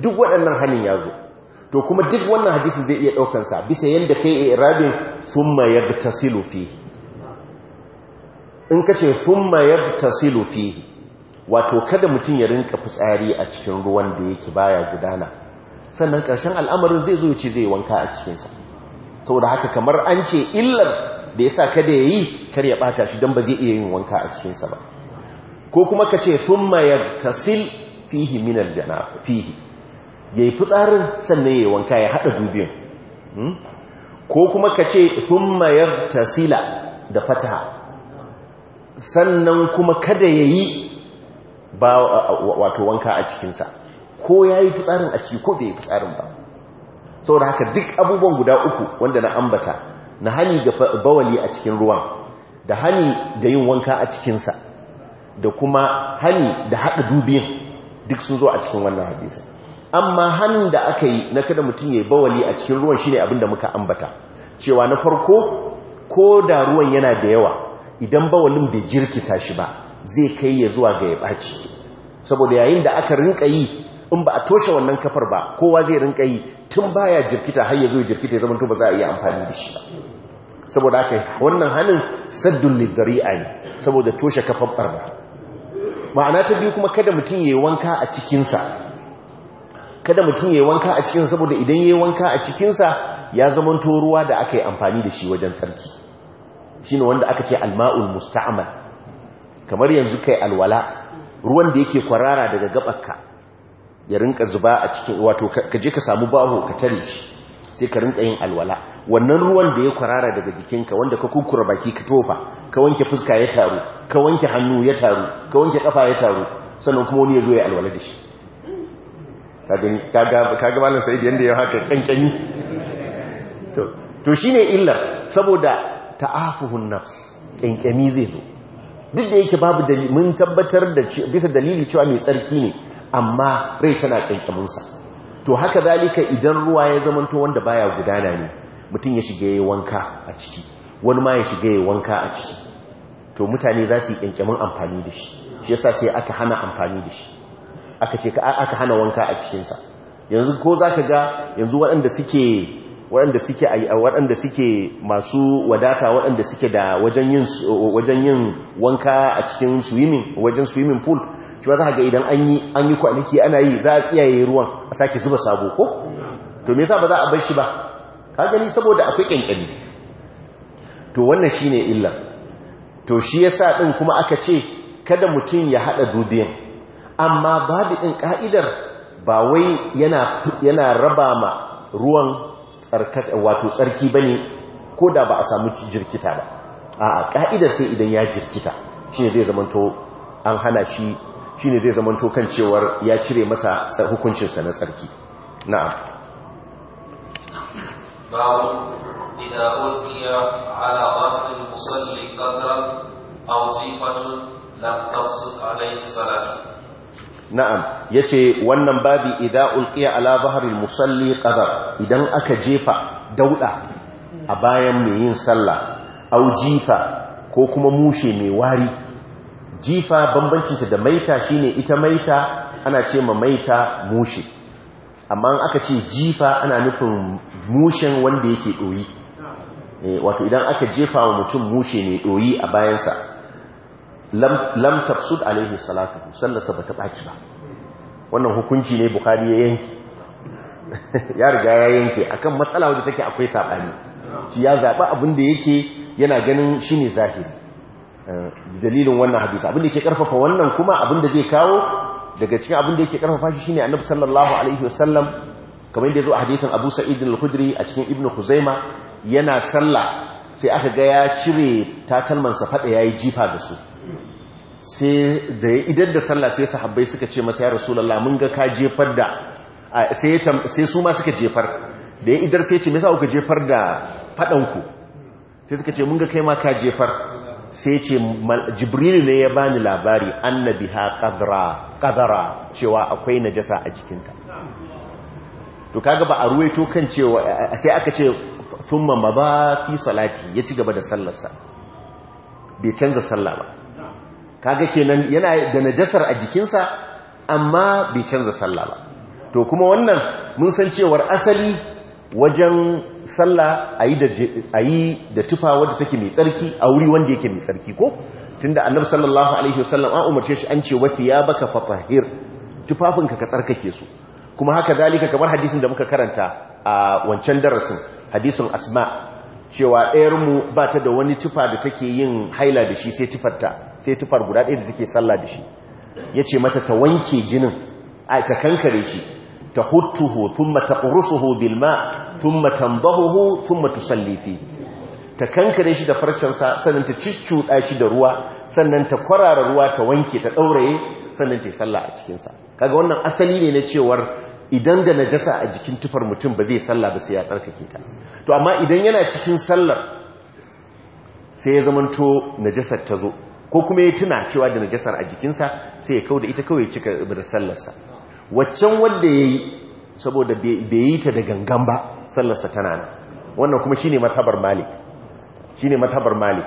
duk waɗannan hannun ya zo to kuma duk wannan hadisun zai iya ɗaukansa bisa yadda kai yi irabin sun mayar tasilufi in ka ce sun mayar tasilufi wato kada mutum ya rinka fitsari a cikin ruwan da yake baya gudana sannan ƙarshen al'amarin zai zo ce zai wanka a cikinsa saboda haka kamar an ce illar da yasa kada ya yi kar ya ɓata shi don ba zai iya yin wanka a cikinsa ba ko kuma ka ce sun mayar tasil fihi minar jana fihi ya yi fitsarin sannan ya wanka ya haɗa dubiyan hmm? ko kuma ka ce sun mayar tasila da fataha sannan kuma kada ya yi ba wato wanka a cikinsa ko ya yi fitsarin a ciki ko bai yi fitsarin ba saboda haka duk abubuwan guda uku wanda na ambata na hani ga bawali a cikin ruwan da hani da yin wanka a cikinsa da kuma hani da haɗa dubiyin duk sun zo a cikin wannan hadisa amma hannun da aka yi na kada mutum ya yi bawali a cikin ruwan shine abin da muka ambata cewa na farko ko da ruwan yana da yawa idan bawalin bai jirkita shi ba zai kai ya zuwa ga ya ɓaci saboda yayin da aka rinka yi in ba a toshe wannan kafar ba kowa zai rinka yi tun baya jirkita har ya zo jirkita ya ba za a yi amfani da shi saboda aka wannan hannun saddun lidari'a ne saboda toshe kafar ba ma'ana ta biyu kuma kada mutum yi wanka a cikinsa kada mutum yi wanka a cikinsa saboda idan yi wanka a cikinsa ya zamanto ruwa da aka yi amfani da shi wajen sarki shine wanda aka ce alma'ul musta'mal kamar yanzu kai alwala ruwan da yake kwarara daga gabarka ya rinka zuba a cikin wato ka je ka samu baho ka tare shi sai ka rinka yin alwala wannan ruwan da ya kwarara daga jikinka wanda ka kukura baki ka tofa ka wanke fuska ya taru ka wanke hannu ya taru ka wanke kafa ya taru sannan kuma wani ya zo ya alwala da shi Ka ga malam sa'id yanda ya haka kankani to shine illar saboda ta'afuhun nafs kankani zai zo duk da yake babu dalili mun tabbatar da bisa dalili cewa mai tsarki ne amma rai tana kankaminsa to haka zalika idan ruwa ya zamanto wanda baya gudana ne mutum ya shiga yayi wanka a ciki wani ma ya shiga yayi wanka a ciki to mutane za su yi kankamin amfani da shi shi yasa sai aka hana amfani da shi aka ce aka hana wanka a cikinsa yanzu ko za ka ga yanzu waɗanda suke waɗanda suke waɗanda suke masu wadata waɗanda suke da wajen yin wajen yin wanka a cikin swimming wajen swimming pool ba za ga idan an yi an kwanaki ana yi za a tsiyaye ruwan a sake zuba sabo ko to me yasa ba za a bar shi ba ka gani saboda akwai ƙanƙani. to wannan shine illa to shi yasa din kuma aka ce kada mutum ya hada dubiyan amma babu din ƙa'idar ba wai yana yana raba ma ruwan wato tsarki ba ne ko da ba a samu jirkita ba a ƙa'idar sai idan ya jirkita shi ne zai zamanto an hana shi shi ne zai zamanto kan cewar ya cire masa hukuncinsa na tsarki na'am babu إذا تفسد عليه صلاته na'am yace wannan babi idza ulqiya ala zahril musalli qadar idan aka jefa dauda a bayan mai yin sallah au jifa ko kuma mushe mai wari jifa bambancinta da maita shine ita maita ana ce ma maita mushe amma aka ce jifa ana nufin mushen wanda yake doyi eh, wato idan aka jefa wa mutum mushe mai doyi a bayansa lam tafsud alaihi salatu sallasa ba ta ɓaci ba wannan hukunci ne bukhari ya yanki [LAUGHS] ya riga ya yanke akan matsala wadda take akwai saɓani shi ya zaba abin da yake yana ganin shi ne zahiri eh, dalilin wannan hadisi abin da yake ƙarfafa wannan kuma abin da zai kawo daga cikin abin da yake karfafa shi shine annabi sallallahu alaihi wasallam kamar yadda ya zo a hadisin abu sa'id al-khudri a cikin ibnu huzaima yana sallah sai aka ga ya cire takalmansa fada ya yi jifa da su sai da ya idar da sallah sai sahabbai suka ce masa ya rasulallah mun ga ka jefar da sai su ma suka jefar da ya idar sai ce mai sa jefar da fadanku sai suka ce mun ga kai ma ka jefar sai ce jibril ne ya bani labari annabi ha kadara cewa akwai najasa a jikinta to kaga ba a ruwaito kan cewa sai aka ce ma ba fi salati ya ci gaba da sallarsa bai canza sallah ba kaga kenan yana da najasar a jikinsa amma bai canza sallah ba to kuma wannan mun san cewar asali wajen sallah yi da tufa wadda take mai tsarki a wuri wanda yake mai tsarki ko tunda annabi sallallahu alaihi wasallam an umarce shi an ce ya baka fatahir tufafinka ka tsarkake su kuma haka zalika kamar hadisin da muka karanta a wancan darasin hadisin asma cewa ɗayarmu ba ta da wani tufa da take yin haila da shi sai tufarta sai tufar guda ɗaya da take sallah da shi ya ce mata ta wanke jinin a ta kankare shi ta hutuhu thumma taqrusuhu bil ma thumma tandahuhu tun mata fi ta kankare shi da farcensa sannan ta ciccu shi da ruwa sannan ta kwarara ruwa ta wanke ta ɗauraye sannan ta yi sallah a cikinsa kaga wannan asali ne na cewar idan da najasa a jikin tufar mutum ba zai salla ba sai ya tsarkake ta to amma idan yana cikin sallar sai ya zamanto najasar ta zo ko kuma ya tuna cewa da najasar a jikinsa sai ya kauda ita kawai cika da sallarsa waccan wanda ya yi saboda bai yi ta da gangan ba sallarsa tana nan wannan kuma shine mazhabar malik shine mazhabar malik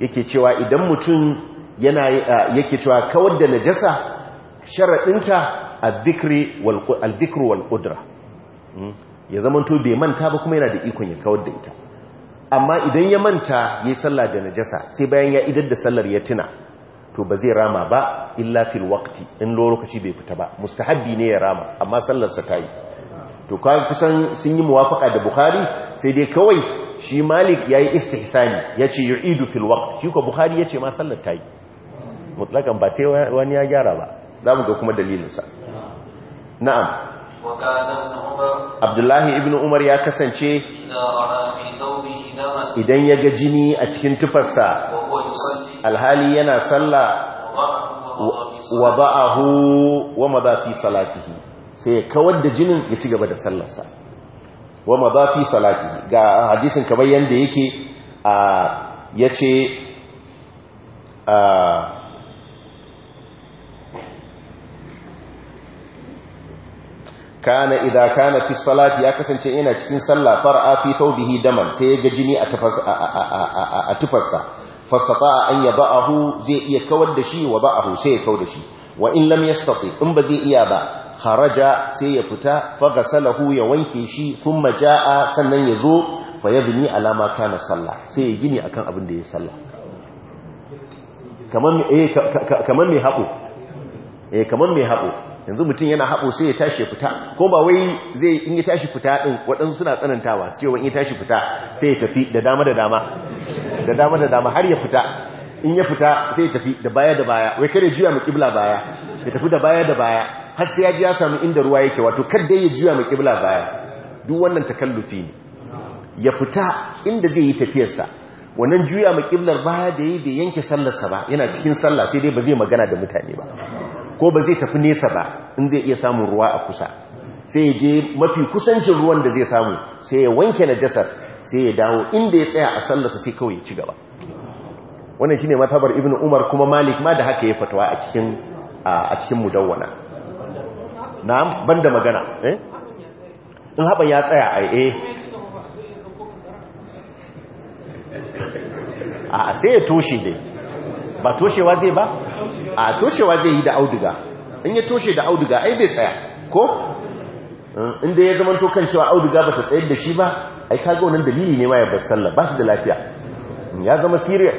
yake cewa idan mutum yana yake cewa kawar da najasa sharaɗinta al-dhikru wal qudra hmm? ya zamanto bai manta ba kuma yana da ikon ya kawar da ita amma idan ya manta yayi sallah da najasa sai bayan ya idar da sallar ya tuna to ba zai rama ba illa fil waqti in lokaci bai fita ba mustahabbi ne ya rama amma sallar sa tayi to kusan sun yi muwafaka da bukhari sai dai kawai shi malik yayi istihsani yace yu'idu fil waqt shi ko bukhari ce ma sallar tayi mutlakan ba sai wani ya gyara ba za mu ga kuma dalilinsa na'am abdullahi Ibnu umar ya kasance idan ya ga jini a cikin tufarsa alhali yana salla wa ba'ahu wa fi salatihi sai kawar da jinin ya ci gaba da sallarsa wa fi salatihi ga hadisin kamar yadda yake a yace a kana idza kana fi salati ya kasance yana cikin sallah far'a fi thawbihi daman sai ya ga jini a tafas a tufarsa fastata an zai iya kawar da shi wa ba'ahu sai ya kawar da shi wa in lam yastati in ba zai iya ba kharaja sai ya fita fa ghasalahu ya wanke shi thumma jaa sannan ya zo fa yabni ala ma kana sallah sai ya gini akan abin da ya sallah kaman eh kaman mai hako eh kaman mai hako yanzu mutum yana haɓo sai ya tashi ya fita ko ba wai zai in ya tashi fita ɗin waɗansu suna tsanantawa su ce in ya tashi fita sai ya tafi da dama da dama da dama da dama har ya fita in ya fita sai ya tafi da baya da baya wai kare juya mu kibla baya ya tafi da baya da baya har sai ya ji ya samu inda ruwa yake wato dai ya juya mu kibla baya duk wannan takallufi ne ya fita inda zai yi tafiyarsa wannan juya mu kiblar baya da yi bai yanke sallarsa ba yana cikin sallah sai dai ba zai magana da mutane ba ko ba zai tafi nesa ba in zai iya samun ruwa a kusa sai ya je mafi kusancin ruwan da zai samu sai ya wanke na najasar sai ya dawo inda ya tsaya a sallarsa sai kawai ya ci gaba wannan shine matabar ibnu umar kuma malik ma da haka ya fatawa a cikin a cikin mudawwana na'am banda magana eh? in haɓa ya tsaya a eh a sai ya toshe dai ba toshewa zai ba a toshewa zai yi da auduga in ya toshe da auduga ai zai tsaya ko inda ya zama tokan cewa auduga ba ta tsayar da shi ba ai kaga wannan dalili ne ma ya bar sallah ba su da lafiya ya zama serious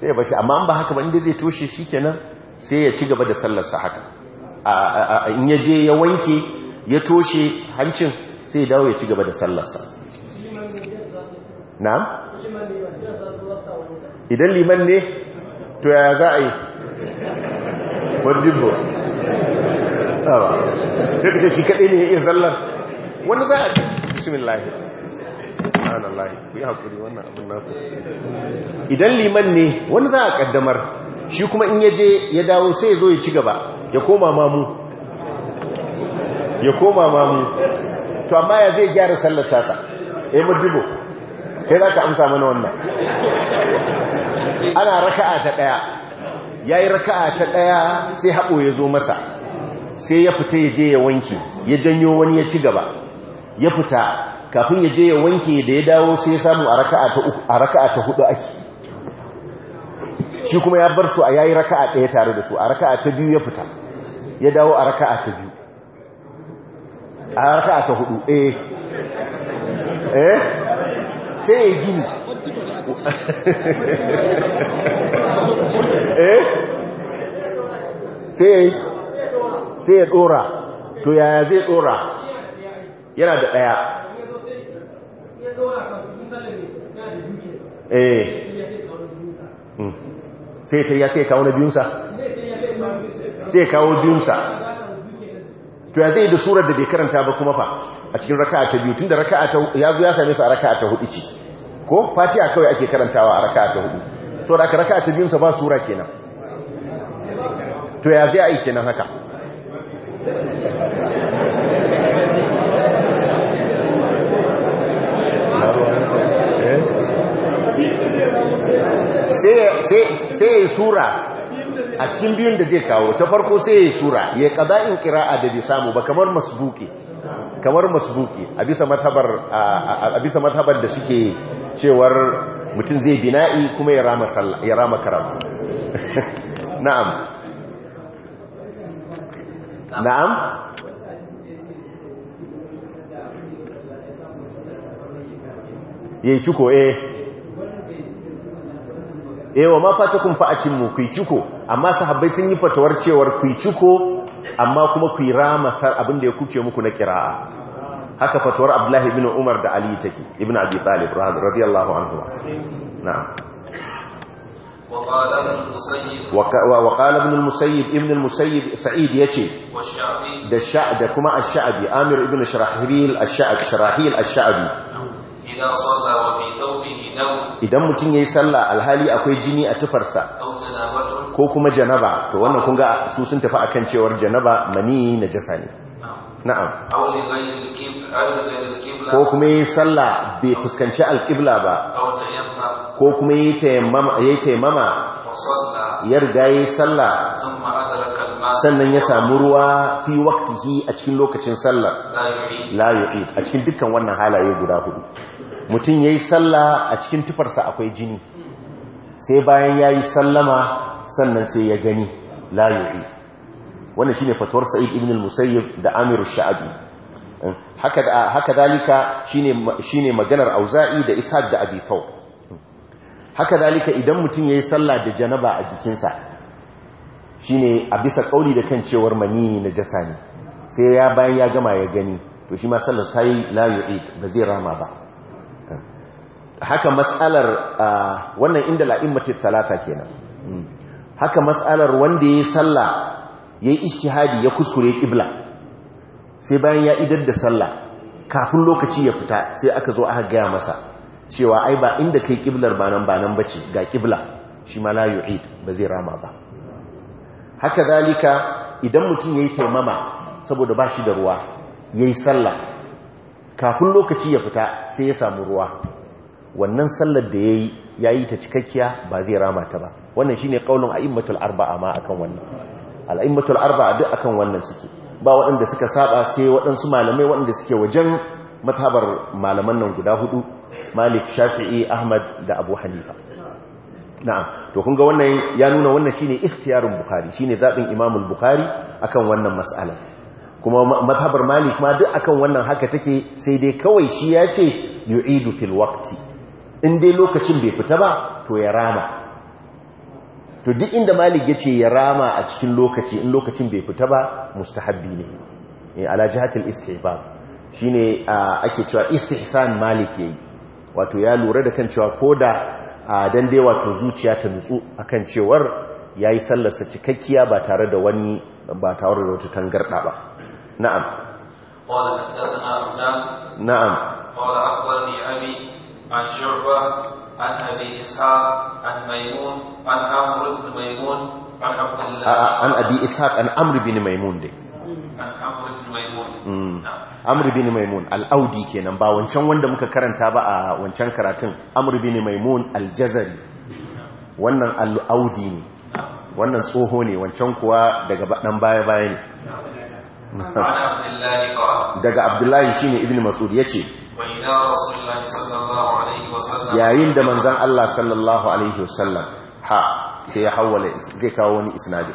sai ya bashi amma an ba haka ba inda zai toshe shi kenan sai ya ci gaba da sallarsa haka in ya je ya wanke ya toshe hancin sai ya dawo ya ci gaba da sallarsa na? idan liman ne to ya za a yi wadibbo tsawa da kace shi kaɗai ne ya zallar wani za a bismillah subhanallah ku yi wannan abin naku idan liman ne wani za a ƙaddamar shi kuma in yaje ya dawo sai ya zo ya ci gaba ya koma mamu ya koma mamu to amma ya zai gyara sallar tasa eh mudibo kai za ka amsa mana wannan ana raka'a ta ɗaya ya yi raka'a ta ɗaya sai haɓo ya zo masa sai ya fita ya je ya wanke ya janyo wani ya ci gaba ya fita kafin ya je ya wanke da ya dawo sai ya samu a raka'a ta hudu ake shi kuma ya bar su a yayi raka'a ɗaya tare da su a raka'a ta biyu ya fita ya dawo a raka'a ta biyu a raka'a ta hudu eh eh sai ya gini [LAUGHS] eh sai sai ya dora to yaya zai dora yana da daya eh hmm. sai sai ya sai kawo na biyunsa sai kawo biyunsa to ya zai da surar da bai karanta ba kuma fa a cikin raka'a ta biyu tun da raka'a ta ya zo ya same su a raka'a ta hudu ce ko fatiha kawai ake karantawa a raka'a ta hudu to da aka raka'a ta biyunsa ba sura kenan to ya zai aiki nan kenan haka eh? sai ya yi sura a cikin biyun da zai kawo ta farko sai ya yi sura ya in kira'a da bai samu ba kamar buke kamar buke a bisa mazhabar da suke cewar mutum zai bina'i kuma ya rama karatu [LAUGHS] na'am na'am yayi ciko eh eh wa ma kun fa'acin mu kuyi ciko amma sahabbai sun yi fatawar cewar kuyi ciko amma kuma yi rama abinda ya kuce muku na kira'a haka fatuwar abdullahi ibn umar da ali take ibn abi talib radiyallahu anhu na'am وقال ابن Ibn ابن المسيب سعيد يتي da الشعب ده كما الشعبي آمر ابن شرحبيل الشعب شرحيل الشعبي إذا صلى وفي ثوبه دم إذا متين يسلى ko kuma janaba to wannan kun ga su sun tafi akan cewar janaba mani najasa ne na'am ko kuma yi sallah bai fuskanci alƙibla ba ko kuma yi taimama ya riga yi sallah sannan ya samu ruwa fi waktihi a cikin lokacin sallar la a cikin dukkan wannan halaye guda hudu mutum ya yi sallah a cikin tufarsa akwai jini sai bayan ya yi sallama sannan sai ya gani la wannan shine fatuwar sa'id ibn al-musayyib da amir sha'abi eh, haka da haka dalika shine shine maganar auza'i da ishaq da abi thawb haka dalika idan mutum yayi sallah da janaba a jikinsa shine a bisa kauli da kan cewar mani najasa ne sai ya bayan ya gama ya gani to shi ma sallar ta yi la yu'id ba zai rama ba eh, haka mas'alar wannan inda la'immatit salata kenan hmm. haka mas'alar wanda yayi sallah ya yi ishihadi ya kuskure ƙibla sai bayan ya idar da sallah kafin lokaci ya fita sai aka zo aka gaya masa cewa ai ba inda kai ƙiblar banan banan ba nan bace ga ƙibla shi ma la yu'id ba zai rama ba haka zalika idan mutum ya yi taimama saboda ba shi da ruwa ya yi sallah kafin lokaci ya fita sai ya samu ruwa wannan sallar da ya yi ta cikakkiya ba zai rama ta ba wannan shi shine kaulin a'immatul arba'a ma akan wannan al'immatul arba'a duk akan wannan suke ba waɗanda suka saba sai waɗansu malamai waɗanda suke wajen matabar malaman nan guda hudu malik shafi'i ahmad da abu hanifa na'am to kunga wannan ya nuna wannan shine ikhtiyarin bukhari shine zaɓin imamul bukhari akan wannan mas'ala kuma matabar malik ma duk akan wannan haka take sai dai kawai shi ya ce yu'idu fil waqti in dai lokacin bai fita ba to ya rama to duk inda malik ya ce ya rama a cikin lokaci in lokacin bai fita ba mustahabbi ne eh, ala jihatul istihbab shine ake cewa istihsan malik yayi wato ya lura da kan cewa koda dan dai wato zuciya ta nutsu akan cewar yayi sallarsa cikakkiya ba tare da wani ba tare da wata tangarda ba na'am qala na'am qala abi an shurba عن أبي إسحاق عن ميمون عن عمرو بن ميمون عن عبد الله عن أبي إسحاق عن عمرو بن ميمون دي عن عمرو بن ميمون Amr bin Maimun al-Audi kenan ba wancan wanda muka karanta ba a wancan karatun Amr bin Maimun al-Jazari wannan al-Audi ne wannan tsoho ne wancan kuwa daga dan baya-baya ne [LAUGHS] daga Abdullahi shine Ibn Mas'ud yace yayin da manzan Allah sallallahu alaihi wasallam ha sai ya hawwala zai kawo wani isnadi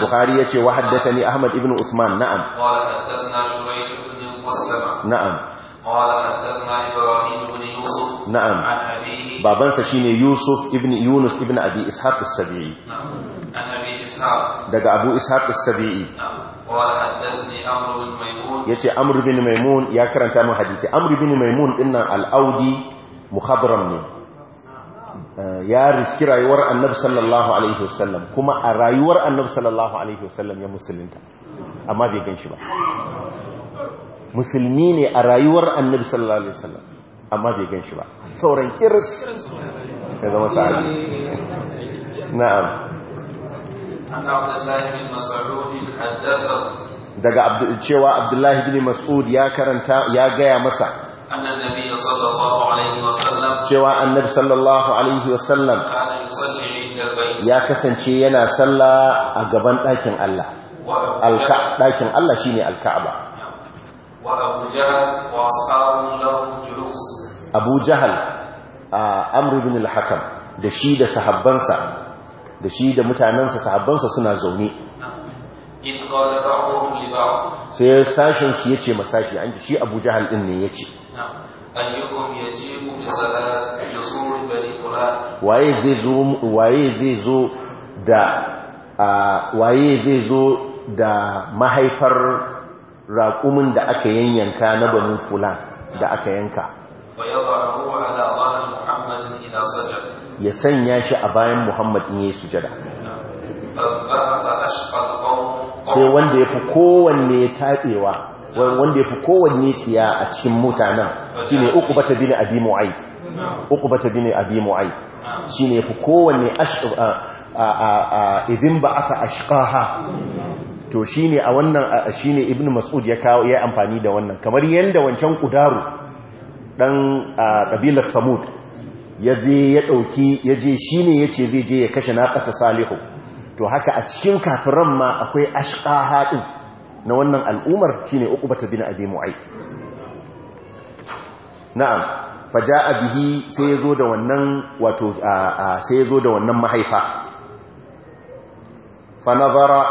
Bukhari ya ce wa haddathani Ahmad ibn Uthman na'am na'am na'am babansa shine Yusuf ibn Yunus ibn Abi Ishaq as-Sabi'i daga Abu Ishaq as-Sabi'i na'am ya ce amur bin maimun ya karanta min hadisi amur bin maimun dinnan al'audi muhabram ne ya riski rayuwar annabi sallallahu alaihi wasallam kuma a rayuwar annabi sallallahu alaihi wasallam ya musulunta amma bai ganshi ba musulmi ne a rayuwar annabi sallallahu alaihi wasallam amma bai ganshi ba sauran kiris ya zama sa'adi na'am daga cewa abdullahi bin mas'ud ya karanta ya gaya masa cewa annabi sallallahu alaihi wasallam ya kasance yana salla a gaban ɗakin Allah ɗakin Allah shi ne alka'aba abu jahal a amrubin al-hakam da shi da sahabbansa da shi da mutanensa sahabbansa suna zaune sai sashen ya yace masashi an shi Abu jihar din ne ya ce. waye zai zo da waye zai zo da mahaifar raƙumin da aka yanyanka na banin fulan da aka yanka ya sanya shi a bayan Muhammad in yi sujada sai wanda ya fi kowanne taɓewa wanda ya fi kowanne siya a cikin mutanen shi ne uku bata bi ne abi mu'ai uku bata bi ne abi mu'ai shi ne ya fi kowanne idin ba aka ashkaha to shi ne a wannan shi ne ibn mas'ud ya kawo ya amfani da wannan kamar yadda wancan kudaru ɗan ƙabilar samud ya je ya ɗauki ya je shi ne ya ce zai je ya kashe naƙata salihu to haka a cikin kafiran ma akwai ashƙa haɗin na wannan al'umar shi ne uku bata bin abi mu'aiki na'am faja abihi sai ya zo da wannan wato sai ya zo da wannan mahaifa fanazara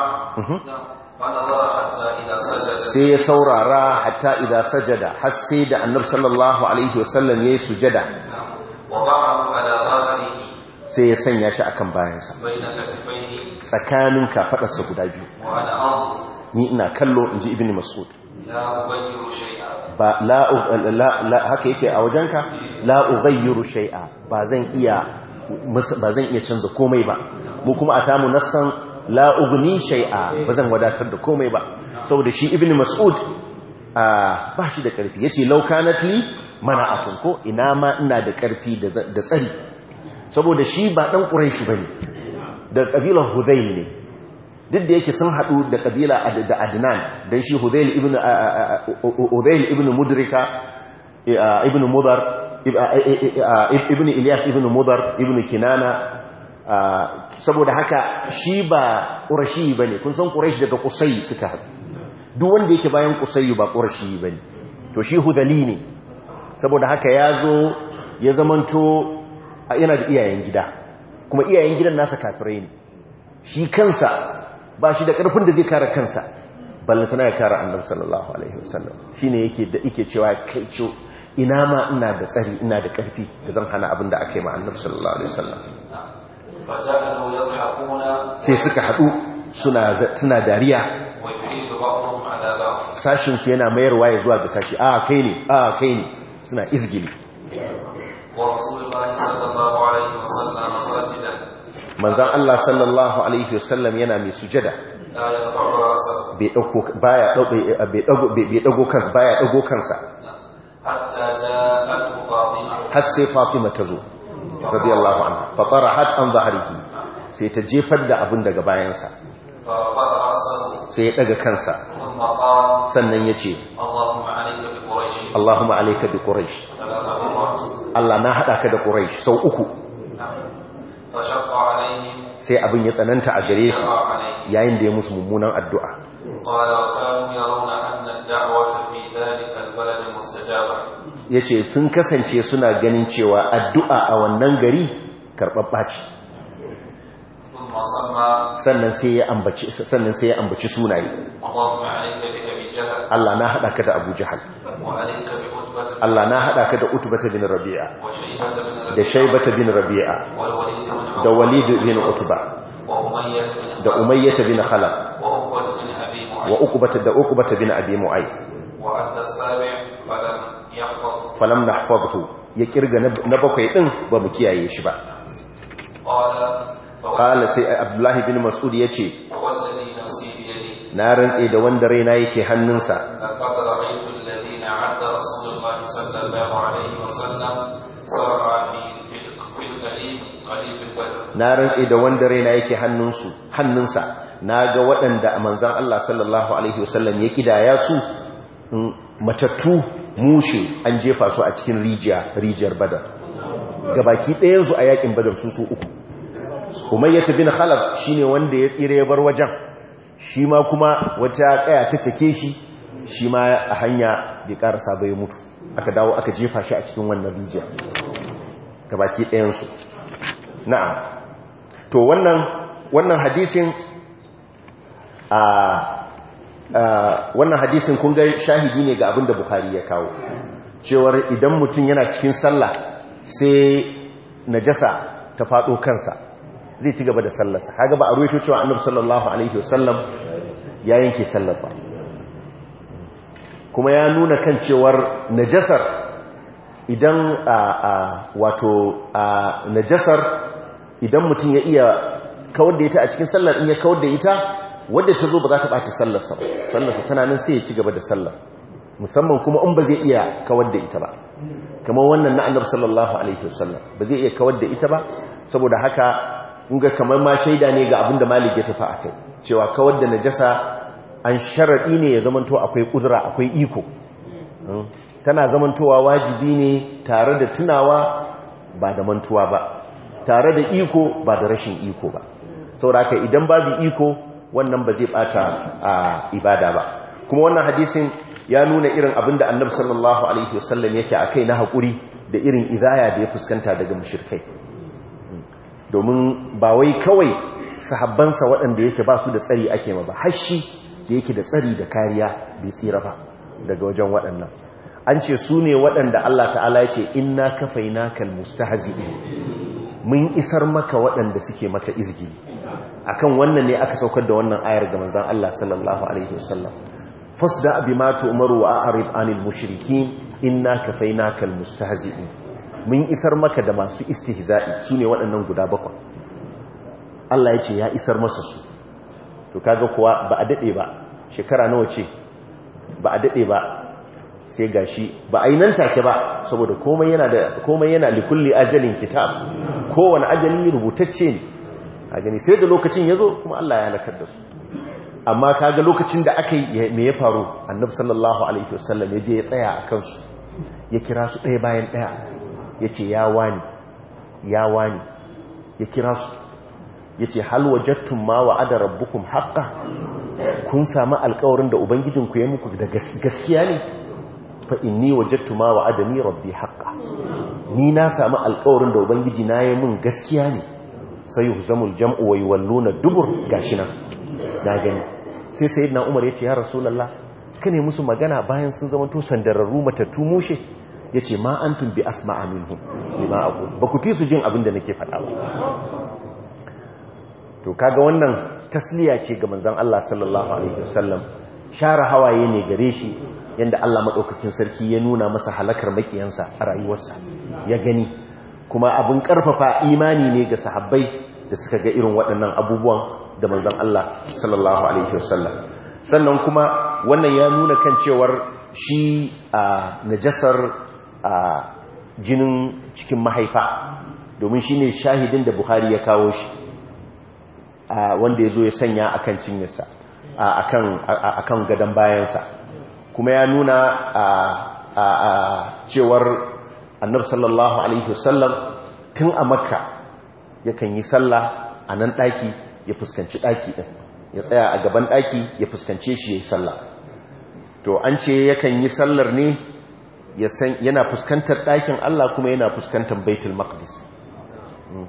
sai ya saurara hatta idan sajada har sai da annabi sallallahu alaihi wasallam ya yi sujada sai ya sanya shi a kan bayansa tsakanin kafadarsa guda biyu ni ina kallo in ji ibn mas'ud haka yake a wajenka la ughayyiru ba zan iya canza komai ba mu kuma a tamu nassan san ugni shai'a ba zan wadatar da komai ba saboda shi ibn mas'ud ba shi da karfi ya ce laukanatli a tunko ina ma ina da ƙarfi da tsari saboda shi ba ɗan ƙuraishi ba ne da ƙabilar huzail ne duk da yake sun haɗu da ƙabila da adnan don shi huzail ibn mudrika ibn mudar ibn ilyas ibn mudar ibn kinana saboda haka shi ba ƙurashi ba ne kun san ƙurashi daga ƙusai suka haɗu duk wanda yake bayan ƙusai ba ƙurashi ba ne to shi hudali ne saboda haka ya zo ya zamanto yana da iyayen gida kuma iyayen gidan nasa kafirai ne shi kansa ba shi da ƙarfin da zai kara kansa ballantana ya kare annabi sallallahu alaihi wasallam shine yake da yake cewa kai ce ina ma ina da tsari ina da ƙarfi da zan hana abin da aka yi ma annabi sallallahu alaihi wasallam sai suka haɗu suna dariya sashinsu yana mayarwa ya zuwa ga sashi a kai ne a kai ne suna izgili manzan Allah sallallahu alaihi wasallam yana mai sujada bai ɗago kansa har sai fatima ta zo radiyallahu anha fatara hat an zahari sai ta jefar da abin daga bayansa sai ya daga kansa sannan ya ce Allahumma alaika bi quraish Allah na hada ka da quraish sau uku sai abin ya tsananta a gare shi yayin da ya musu mummunan addu'a ya ce sun kasance suna ganin cewa addu'a a wannan gari karɓaɓɓaci sannan sai ya ambaci sunaye Allah na hada ka da Abu Jahal Allah na hada ka da Utbata bin Rabi'a da Shaybata bin Rabi'a da Walid bin Utba da Umayyah bin Khalaf wa Uqbata da Uqbata bin Abi Mu'ayth falam nahfadhu ya kirga na bakwai din ba mu kiyaye shi ba qala sai abdullahi bin mas'ud ce na rantse da wanda raina yake hannunsa na rantse da wanda raina yake hannunsa na ga waɗanda manzan Allah sallallahu alaihi wasallam ya ƙidaya su matattu mushe an jefa su a cikin rijiyar badar gabaki ɗayansu a yakin badar su su uku ta bin khalaf shine wanda ya tsira ya bar wajen shi ma kuma wata kaya ta take shi shi ma a hanya bai karasa bai mutu aka dawo aka jefa shi a cikin wannan rijiya gabaki ɗayansu na'am to wannan wannan hadisin a wannan hadisin kun ga shahidi ne ga abin da bukhari ya kawo cewar idan mutum yana cikin sallah sai najasa ta faɗo kansa zai ci gaba da sallarsa kaga ba a ruwaito cewa annabi sallallahu alaihi wasallam ya yanke sallar ba kuma ya nuna kan cewar najasar idan a wato a najasar idan mutum ya iya kawar da ita a cikin sallar in ya kawar da ita wadda ta zo ba za ta bata sallarsa ba sallarsa tana nan sai ya ci gaba da sallar musamman kuma in ba zai iya kawar da ita ba kamar wannan na annabi sallallahu alaihi wasallam ba zai iya kawar da ita ba saboda haka ga kamar ma shaida ne ga abinda malik ya tafi akai cewa kawar da najasa an sharadi ne ya zamanto akwai kudura akwai iko hmm? tana zamantowa wajibi ne tare da tunawa ba da mantuwa ba tare da iko ba da rashin iko ba sauraka idan babu iko wannan ba zai bata a ibada ba kuma wannan hadisin ya nuna irin abinda annabi sallallahu alaihi wasallam yake akai na hakuri da irin izaya da ya fuskanta daga mushrikai domin ba wai kawai sahabbansa waɗanda yake ba su da tsari ake ma ba hashi da yake da tsari da kariya bai tsira ba daga wajen waɗannan an ce su ne waɗanda Allah ta'ala ya ce inna kafaina kal ne mun isar maka waɗanda suke maka izgili kan wannan ne aka saukar da wannan ayar ga manzan Allah sallallahu alaihi wasallam fasda bima tu'maru wa a'rid anil mushrikin inna kafaina kal mustahzi'in mun isar maka da masu istihza'i su ne waɗannan guda bakwai Allah ya ce ya isar masa su to kaga kuwa ba a daɗe ba shekara nawa ce ba a daɗe ba sai ga shi ba a yi nan take ba saboda komai yana da komai likulli ajalin kitab kowane ajali rubutacce ne a gani sai da lokacin ya zo kuma Allah ya halakar da su amma kaga lokacin da aka yi me ya faru annabi sallallahu alaihi wasallam ya je ya tsaya a kansu ya kira su ɗaya bayan ɗaya ya ce ya wani ya wani ya kira su ya ce jattun ma wa ada rabbukum haƙa kun sami alkawarin da ubangijinku ya muku da gaskiya ne fa inni wajattu ma wa adami rabbi haƙa ni na sami alkawarin da ubangiji na yi mun gaskiya ne sai yuhzamul jam'u wa yuwalluna dubur gashina nan na gani sai na umar ya ce ya rasu lalla ka kane musu magana bayan sun zama to sandararru matattu mushe ya ce ma an tumbi asma aminu ma abu ba ku fi su jin abin da nake faɗa ba to kaga wannan tasliya ce ga manzan Allah sallallahu alaihi wasallam share hawaye ne gare shi yanda Allah madaukakin sarki ya nuna masa halakar makiyansa a rayuwarsa ya gani kuma abin karfafa imani ne ga sahabbai da suka ga irin waɗannan abubuwan da manzan Allah sallallahu alaihi wasallam sannan kuma wannan ya nuna kan cewar shi a najasar a jinin cikin mahaifa domin shi ne shahidin da buhari ya kawo shi wanda ya zo ya sanya kan cinyarsa kan gadon bayansa kuma ya nuna a cewar annar sallallahu alaihi wasallam tun a makka ya kan yi sallah a nan daki ya fuskanci daki. ɗin ya tsaya a gaban daki ya fuskance shi ya yi sallah to an ce ya kan yi sallar ne yana fuskantar ɗakin Allah kuma yana fuskantar baitul maqdis hmm.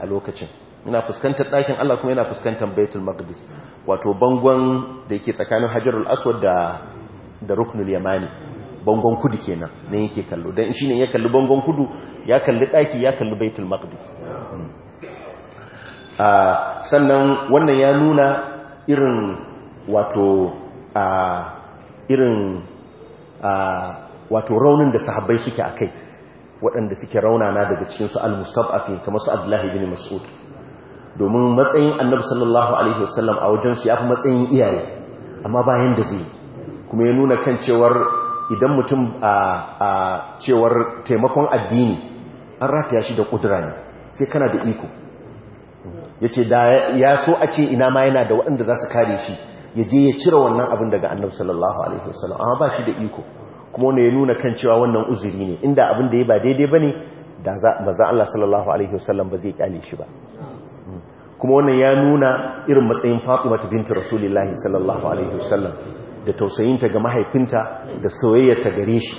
a lokacin yana fuskantar ɗakin Allah kuma yana fuskantar baitul maqdis wato bangon da yake tsakanin hajarul aswad da da ruknul yamani bangon kudu kenan ne yake kallo dan shine ya kalli bangon kudu ya kalli ɗaki ya kalli baitul maqdis hmm. a ah, sannan wannan ya nuna irin wato a ah, irin a ah, wato raunin da sahabbai suke akai waɗanda suke rauna na daga cikin su al-mustad'afin kamar su Abdullahi ibn Mas'ud domin matsayin Annabi sallallahu alaihi wasallam a wajen su yafi matsayin iyaye amma bayan da zai kuma ya nuna kan cewar idan mutum a cewar taimakon addini an rataya shi da kudura ne sai kana da iko yace da ya so a ce ina ma yana da waɗanda za su kare shi ya je ya cire wannan abin daga Annabi sallallahu alaihi wasallam amma ba shi da iko kuma wanda ya nuna kan cewa wannan uzuri ne inda abin da ya ba daidai ba ne da za Allah sallallahu Alaihi wasallam ba zai kyale shi ba kuma wannan ya nuna irin matsayin fatima ta binta rasulillahi sallallahu Alaihi wasallam da tausayinta ga mahaifinta da ta gare shi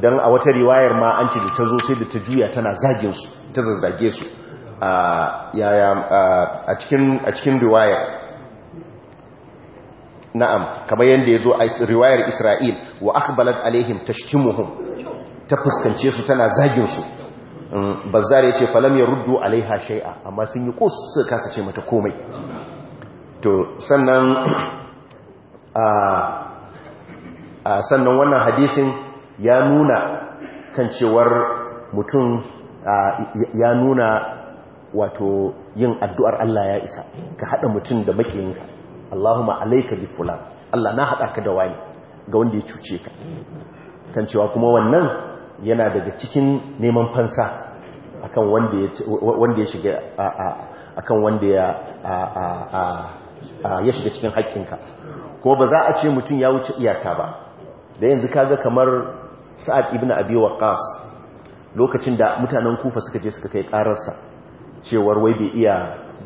don a wata riwayar ma an ce da ta zo sai da ta juya tana zagin ta zazzage su a cikin riwayar na'am kamar yadda ya zo a riwayar isra'il wa akbalat alaihim ta muhum ta fuskance su tana zaginsu mm, Bazzara ya ce falam ya ruddu alaiha shai'a amma sun yi kus su kasa ce mata komai to sannan [CLEARS THROAT] a sannan wannan hadisin ya nuna kan cewar mutum ya nuna wato yin addu'ar Allah ya isa ka haɗa mutum da makiyinka Allahumma alayka bi fulan Allah na hada ka da wani ga wanda ya cuce ka kan cewa kuma wannan yana daga cikin neman fansa akan wanda ya wanda ya shiga akan wanda ya ya shiga cikin hakkinka Kuma ba za a ce mutum ya wuce iyaka ba da yanzu kaga kamar Sa'ad ibnu Abi waqas lokacin da mutanen Kufa suka je suka kai ƙararsa cewar wai bai iya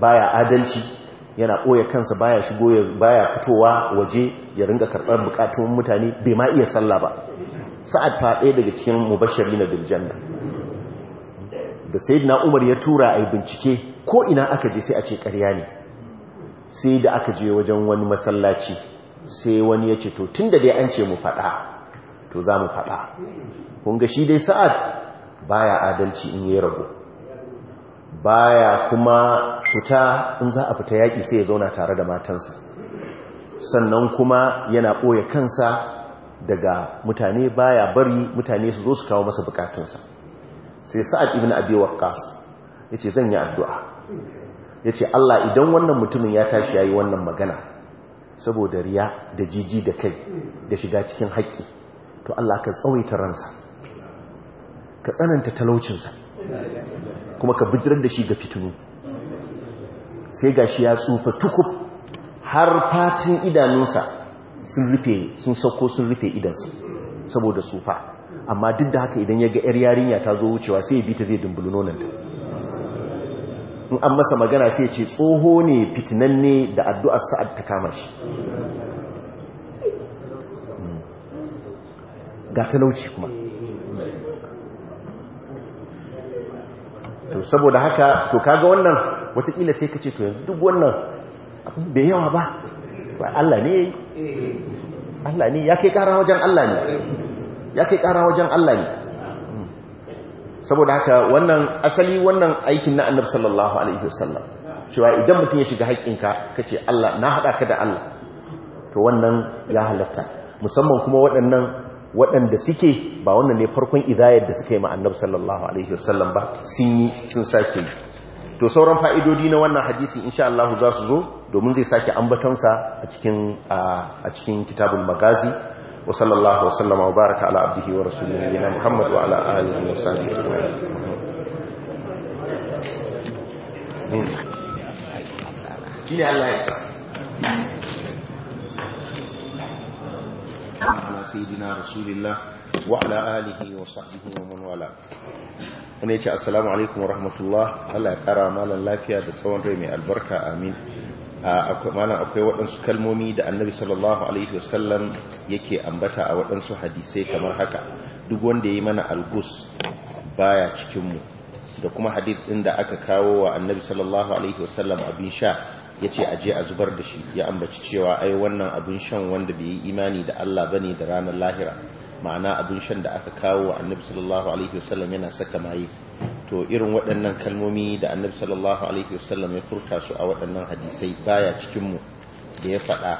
baya adalci yana ɓoye kansa baya shigo baya fitowa waje ya ringa karɓar bukatun mutane bai ma iya sallah ba sa'ad fa ɗaya daga cikin mubashari na biljanna da sayyidina umar ya tura a yi bincike ko ina aka je sai a ce ƙarya ne sai da aka je wajen wani masallaci sai wani ya ce to tun da dai an ce mu faɗa to za mu faɗa kunga shi dai sa'ad baya adalci in yi rago baya kuma fita in za a fita yaƙi sai ya zauna tare da matansa sannan kuma yana ɓoye kansa daga mutane baya bari mutane su zo su kawo masa bukatunsa sai sa'ad ibn abi ya ce zan yi addu'a ya ce Allah idan wannan mutumin ya tashi ya yi wannan magana saboda riya da jiji da kai da shiga cikin haƙƙi to Allah ka tsawaita ransa ka tsananta talaucinsa kuma ka bijirar da shi ga fitinu sai ga shi ya tsufa tukub har fatin idanunsa sun rufe sun sauko sun rufe idansa saboda tsufa amma duk da haka idan ya ga yar yarinya ta zo wucewa sai ya bita zai dumbulu nonanta in an masa magana sai ce tsoho ne fitinan ne da addu'ar sa'ad ta kama shi hmm. ga talauci kuma to saboda haka to kaga wannan watakila sai ka ce to yanzu duk wannan abin bai yawa ba Allah ne Allah ne ya kai kara wajen Allah ne ya kai kara wajen Allah ne hmm. saboda haka wannan asali wannan aikin na annabi sallallahu alaihi wasallam cewa idan mutum ya shiga ka kace Allah na hada ka da Allah to wannan ya halatta musamman kuma waɗannan waɗanda suke ba wannan ne farkon idayar da suka yi ma annabi sallallahu alaihi wasallam ba sun yi sun sake yi to sauran fa'idodi na wannan hadisi insha Allah za su zo domin zai sake ambatansa a cikin a cikin magazi wa sallallahu wasallama wa baraka ala abdihi wa rasulun na Muhammad wa ala alihi wa sahbihi ya سيدنا رسول الله وعلى آله وصحبه ومن والاه wani yace assalamu alaikum wa Allah ya kara malan lafiya da tsawon rai mai albarka amin malan akwai waɗansu kalmomi da annabi sallallahu alaihi wasallam yake ambata a waɗansu hadisai kamar haka duk wanda ya yi mana algus baya cikinmu da kuma hadis ɗin da aka kawo wa annabi sallallahu alaihi wasallam abin sha ya ce aje a zubar da shi ya ambaci cewa ai wannan abin shan wanda bai yi imani da Allah bane da ranar lahira ma'ana abin shan da aka kawo wa annabi sallallahu alaihi wasallam yana saka maye to irin waɗannan kalmomi da annabi sallallahu alaihi wasallam ya furta su a waɗannan hadisai baya cikin mu da ya faɗa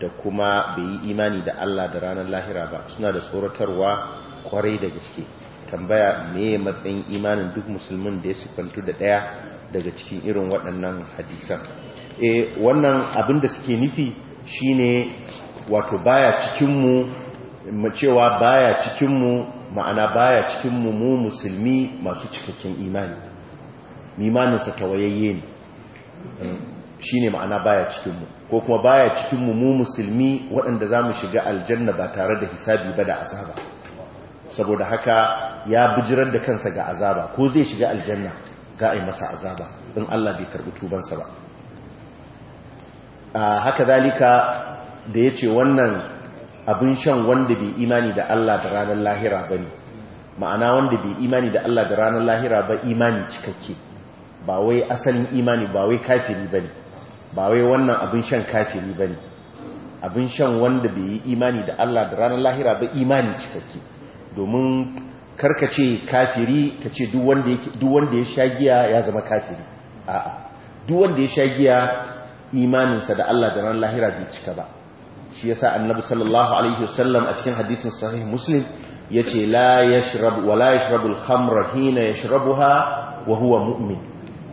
da kuma bai yi imani da Allah da ranar lahira ba suna da tsoratarwa kwarai da gaske tambaya me matsayin imanin duk musulmin da ya sifantu da ɗaya daga cikin irin waɗannan hadisan eh wannan abin da suke nufi shine wato baya cikin mu cewa baya cikinmu ma'ana baya cikinmu mu musulmi masu cikakken imani sa tawayayye ne hmm. shine ma'ana baya cikinmu ko kuma baya cikin mu musulmi waɗanda za mu shiga aljanna ba tare da hisabi ba da azaba saboda haka ya bijirar da kansa ga azaba ko zai shiga aljanna za a yi masa azaba in Allah bai karɓi tubansa ba ah, haka zalika da yace wannan abin shan wanda bai imani da Allah da ranar lahira ba ne ma'ana wanda bai imani da Allah da ranar lahira ba imani cikakke ba wai asalin imani ba wai kafiri ba ne ba wai wannan abin shan kafiri ba ne abin shan wanda bai yi imani da Allah da ranar lahira ba imani cikakke domin karkace kafiri ka ce duk wanda ya sha giya ya zama kafiri a'a duk wanda ya sha giya imaninsa da Allah da ranar lahira bai cika ba shi yasa annabi sallallahu alaihi wasallam a cikin hadisin sahih muslim yace la yashrab wa la yashrabu khamra hina yashrabuha wa huwa mu'min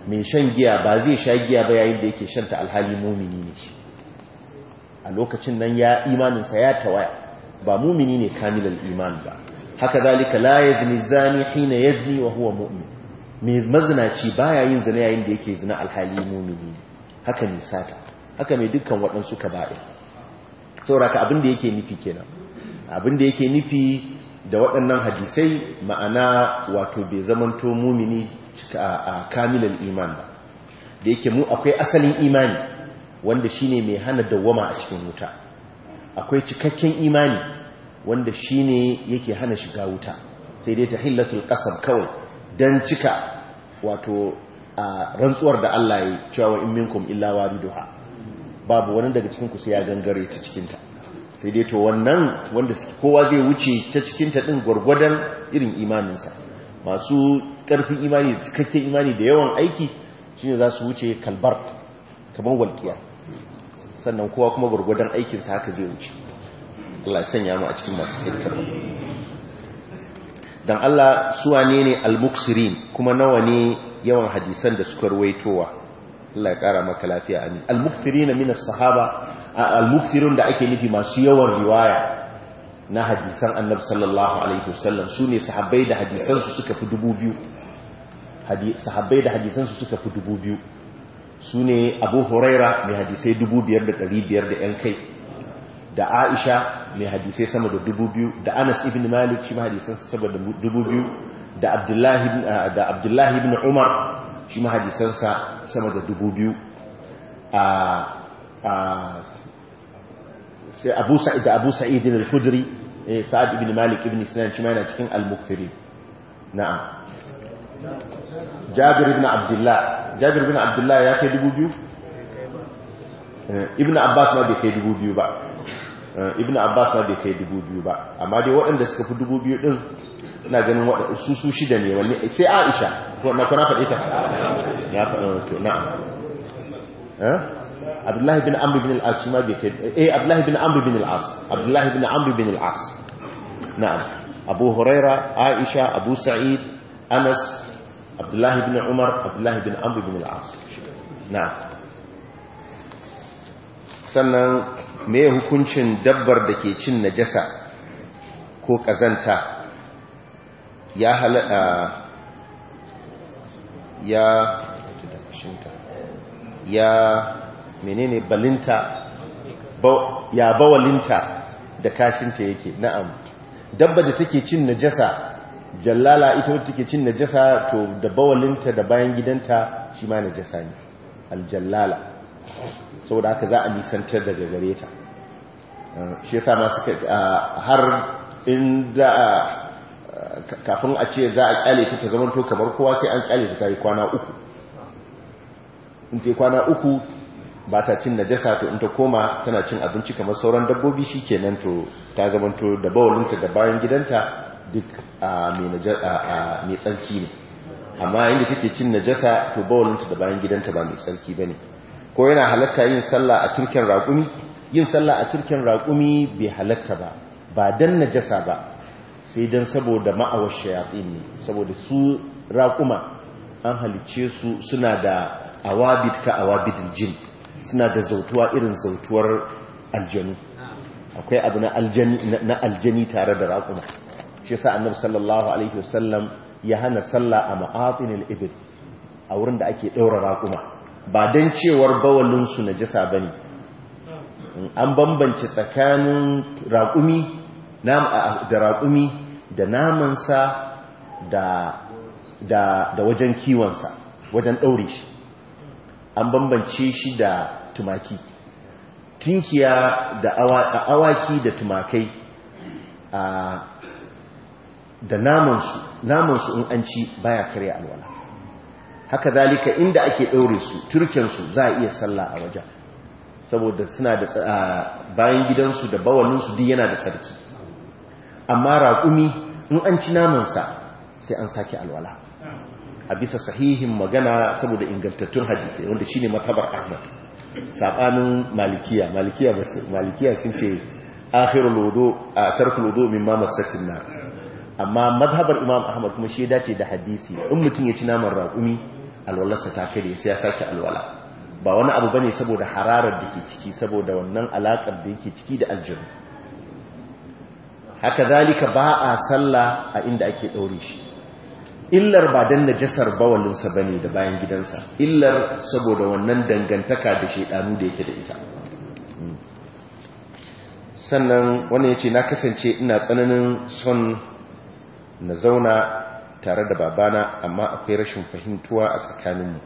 mai shan giya ba zai sha giya ba yayin da yake shan ta alhali mu'mini ne shi a lokacin nan ya imanin sa ya tawaya ba mu'mini ne kamilal iman ba haka zalika la yazni zani hina yazni wa huwa mu'min Me mazinaci baya yin zina yayin da yake zina alhali mu'mini haka ne sata haka mai dukkan waɗansu kaba'i sauraka abin da yake nufi kenan abin da yake nufi da waɗannan hadisai ma'ana wato bai zamanto mumini a kamilan iman ba da yake mu akwai asalin imani wanda shine mai hana dawwama a cikin wuta akwai cikakken imani wanda shine yake hana shiga wuta sai dai ta hillatul qasam kawai dan cika wato a rantsuwar da Allah ya cewa in minkum illa wariduha babu wani daga cikin kusa ya gangare ta cikinta sai dai to wannan wanda kowa zai wuce ta cikinta ɗin gwargwadon irin imaninsa masu ƙarfin imani da cikakken imani da yawan aiki ne za su wuce kalbar kamar walƙiya sannan kowa kuma gwargwadon aikinsa haka zai wuce Allah a cikin masu sirkar dan Allah suwa ne ne al-muksirin kuma nawa ne yawan hadisan da suka ruwaitowa Allah ya kara maka lafiya amin al-mukthirina min as-sahaba al-mukthirun da ake nufi masu yawan riwaya na hadisan annabi sallallahu alaihi wasallam ne sahabbai da hadisansu suka fi dubu 2000 sahabbai da hadisansu suka fi dubu biyu su ne Abu Huraira mai hadisai dubu biyar da biyar da yan kai da Aisha mai hadisai sama da dubu biyu da Anas ibn Malik shi ma hadisan sama da 2000 da Abdullahi da Abdullahi ibn Umar shi ma hadisansa sama da dubu biyu sai abu sa'id da abu da al-khudri eh, sa'ad ibn malik ibn sinan shi ma yana cikin al-mukfiri na'am jabir ibn abdullah jabir ibn abdullah ya kai dubu biyu eh, ibn abbas ma bai kai dubu biyu ba eh, ibn abbas ma bai kai dubu biyu ba amma dai waɗanda suka fi dubu biyu din ina ganin waɗanda su su shida ne wani sai aisha na kuna faɗe ta ya faɗe to na'am eh? abdullahi bin amri bin al'as ma bai kai eh abdullahi bin amri bin al'as abdullahi bin amri bin al'as na'am abu huraira aisha abu sa'id anas abdullahi bin umar abdullahi bin amri bin al'as na'am sannan me hukuncin dabbar da ke cin najasa ko kazanta ya halada ah, ya ya menene balinta ya bawalinta da kashinta yake na'am dabba da take cin najasa jallala ita wadda take cin najasa to da bawalinta da bayan gidanta shi ma najasa ne aljallala saboda haka za a nisantar da gagare ta ah, shi yasa ma suka ah, har inda kafin a ce za a kyale ta ta zama to kamar kowa sai an kyale ta ta yi kwana uku in ta kwana uku ba ta cin najasa to in ta koma tana cin abinci kamar sauran dabbobi shi kenan to ta zama to da bawalinta da bayan gidanta duk a mai tsarki ne amma inda take cin najasa to bawalinta da bayan gidanta ba mai tsarki ba ne ko yana halatta yin sallah a turken raƙumi yin sallah a turken raƙumi bai halatta ba ba dan najasa ba sai don saboda ma'awar shayatsin ne saboda su raƙuma an halicce su suna da awabid ka awabid jin suna da zautuwa irin zautuwar aljanu akwai abu na aljani tare da raƙuma shi sa annabi sallallahu alaihi wasallam ya hana sallah a ma'atinil ibil a wurin da ake ɗaura raƙuma ba don cewar bawalinsu na jisa ba ne an bambance tsakanin raƙumi da raƙumi da namansa da wajen kiwonsa wajen ɗaure shi an bambance shi da tumaki tinkiya da awaki da tumakai da namansu namansu in an ci baya karya alwala haka zalika inda ake ɗaure su turkensu za a iya sallah a wajen saboda suna da bayan gidansu da bawalinsu duk yana da sarki amma raƙumi in an ci namansa sai an sake alwala a bisa sahihin magana saboda ingantattun hadisai wanda shine matabar ahmad sabanin malikiya malikiya sun ce akhirul lodo a lodo min mamar masatin na amma madhabar imam ahmad kuma shi dace da hadisi in mutum ya ci naman raƙumi alwalarsa ta kare sai ya sake alwala ba wani abu bane saboda hararar da ke ciki saboda wannan alakar da yake ciki da aljanu haka zalika ba a sallah a inda ake ɗaure shi illar ba don najasar bawalinsa ba ne da bayan gidansa illar saboda wannan dangantaka da shaidanu da yake da ita hmm. sannan wani ya ce na kasance ina tsananin son na zauna tare da babana amma akwai rashin fahimtuwa a tsakaninmu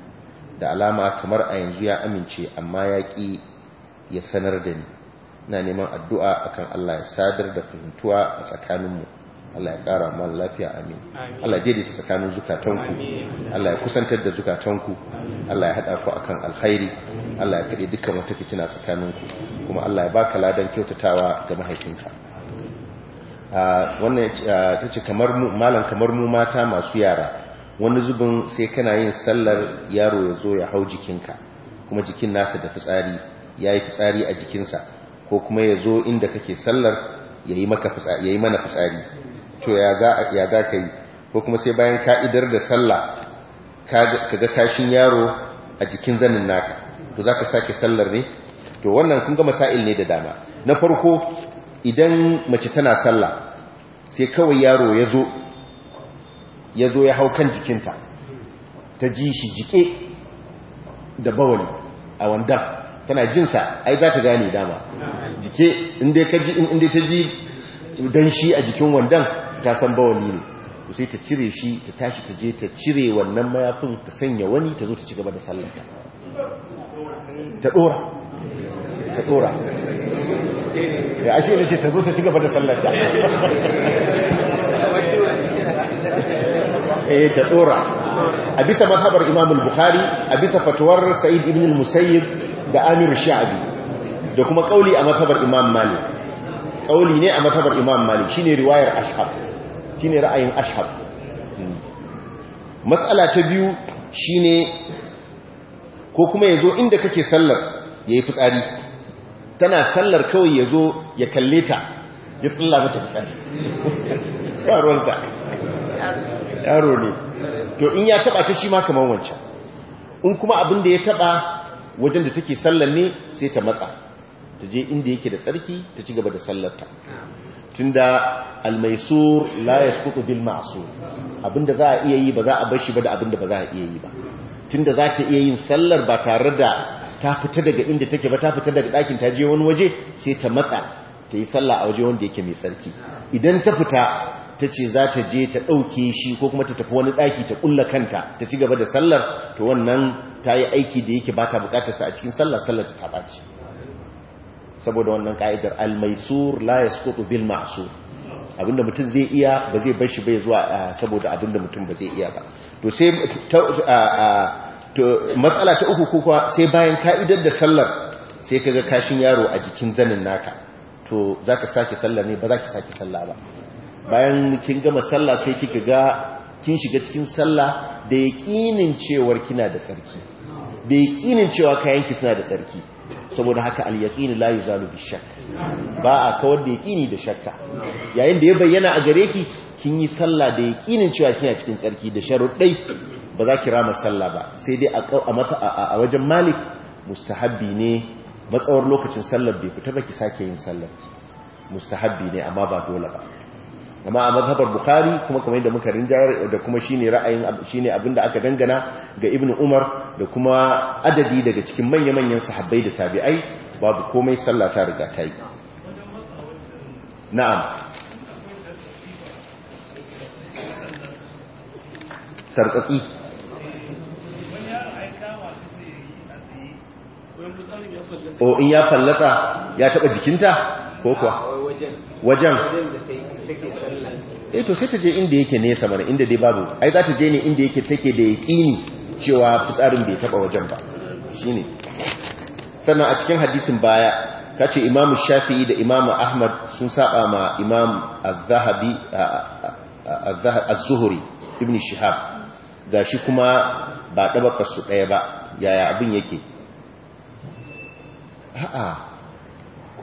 da alama kamar a yanzu ya amince amma ya ya sanar da ni na neman addu'a akan Allah ya sadar da fahimtuwa a tsakaninmu Allah ya ƙara man lafiya amin Allah ya daidaita tsakanin zukatanku Allah ya kusantar da zukatanku Allah ya haɗa ku akan alkhairi Allah ya kaɗe dukkan wata fitina tsakaninku kuma Allah ya baka ladan kyautatawa ga mahaifinka ah, wannan ah, ta ce kamar mu malam kamar mu mata masu yara wani zubin sai kana yin sallar yaro ya zo ya hau jikinka kuma jikin nasa da fitsari ya yi fitsari a jikinsa ko kuma ya zo inda kake sallar ya yi mana fitsari to ya za ka yi ko kuma sai bayan ka'idar da sallah ka ga kashin yaro a jikin zanin naka to za ka sake sallar ne to wannan kun ga masail ne da dama na farko idan mace tana sallah sai kawai yaro ya zo ya zo ya hau kan jikinta ta ji shi jike da bawali a wandan tana jinsa ai za ta gane dama jike inda ta ji danshi a jikin wandan ta san bawali ne sai ta cire shi ta tashi ta je ta cire wannan mayafin ta sanya wani ta zo ta ci gaba da sallanta ta dora ta dora ya ashe ne ce ta zo ta ci gaba da sallanta eh ta dora a bisa mazhabar imam bukhari a bisa fatuwar sa'id ibn al-musayyib da amir sha'abi da kuma kauli a matsabar imam malik kauli ne a matsabar imam malik shine riwayar ashab shine ra'ayin ashab matsala ta biyu shine ko kuma yazo inda kake sallar yayi fitsari tana sallar kawai yazo ya kalle ta ya tsalla mata fitsari [LAUGHS] yaronsa yaro ne to in ya taba ta shi ma kaman wancan in kuma abin da ya taba wajen da take sallar ne sai ta matsa ta je inda yake da tsarki ta ci gaba da sallarta tunda almaisur la yasqutu bil ma'sur abinda za a iya yi ba za a bar ba da abinda ba za a iya yi ba tunda za ta iya yin sallar ba tare da ta fita daga inda take ba ta fita daga ɗakin ta je wani waje sai ta matsa ta yi sallah a waje wanda yake mai tsarki idan ta fita ta ce za ta je ta ɗauke shi ko kuma ta tafi wani ɗaki ta ƙulla kanta ta ci gaba da sallar ta wannan ta yi aiki da yake ba ta bukatarsa a cikin sallah sallar ta ɓaci saboda wannan ka'idar almaisur la yasqutu bil ma'sur abinda mutum zai iya ba zai bar shi bai zuwa saboda abinda mutum ba zai iya ba to sai matsala ta uku kuwa sai bayan ka'idar da sallar sai kaga kashin yaro a jikin zanin naka to zaka sake sallar ne ba zaki sake sallah ba bayan kin gama sallah sai kika ga kin shiga cikin sallah da yaƙinin cewar kina da sarki da yaqinin cewa kayanki suna da tsarki saboda haka al-yaqin la yuzalu bishak ba a kawar da yaqini da shakka yayin da ya bayyana a gare ki kin yi sallah da yaqinin cewa kina cikin tsarki da sharuɗai ba za ki rama sallah ba sai dai a wajen malik mustahabbi ne matsawar lokacin sallar bai fita ba ki sake yin sallar mustahabbi ne amma ba dole ba amma a mazhabar bukari kuma kamar yadda muka rinjar da kuma shine ra'ayin shine abinda aka dangana ga ibnu umar da kuma adadi daga cikin manya-manyan sahabbai da tabi'ai babu komai sallata ta riga ta yi na'am tartsatsi o oh, in ya fallasa ya taba jikinta ko kuwa ah, wajen eto eh, sai ta je inda yake nesa mana inda dai babu ai za ta je ne inda yake take da yaqini cewa fitsarin bai taba wajen ba shine sannan a cikin hadisin baya kace Imam Shafi'i da Imam Ahmad sun saba ma Imam Az-Zahabi Az-Zuhri Ibn Shihab gashi shi kuma ba dabakar su daya ba yaya abin yake a'a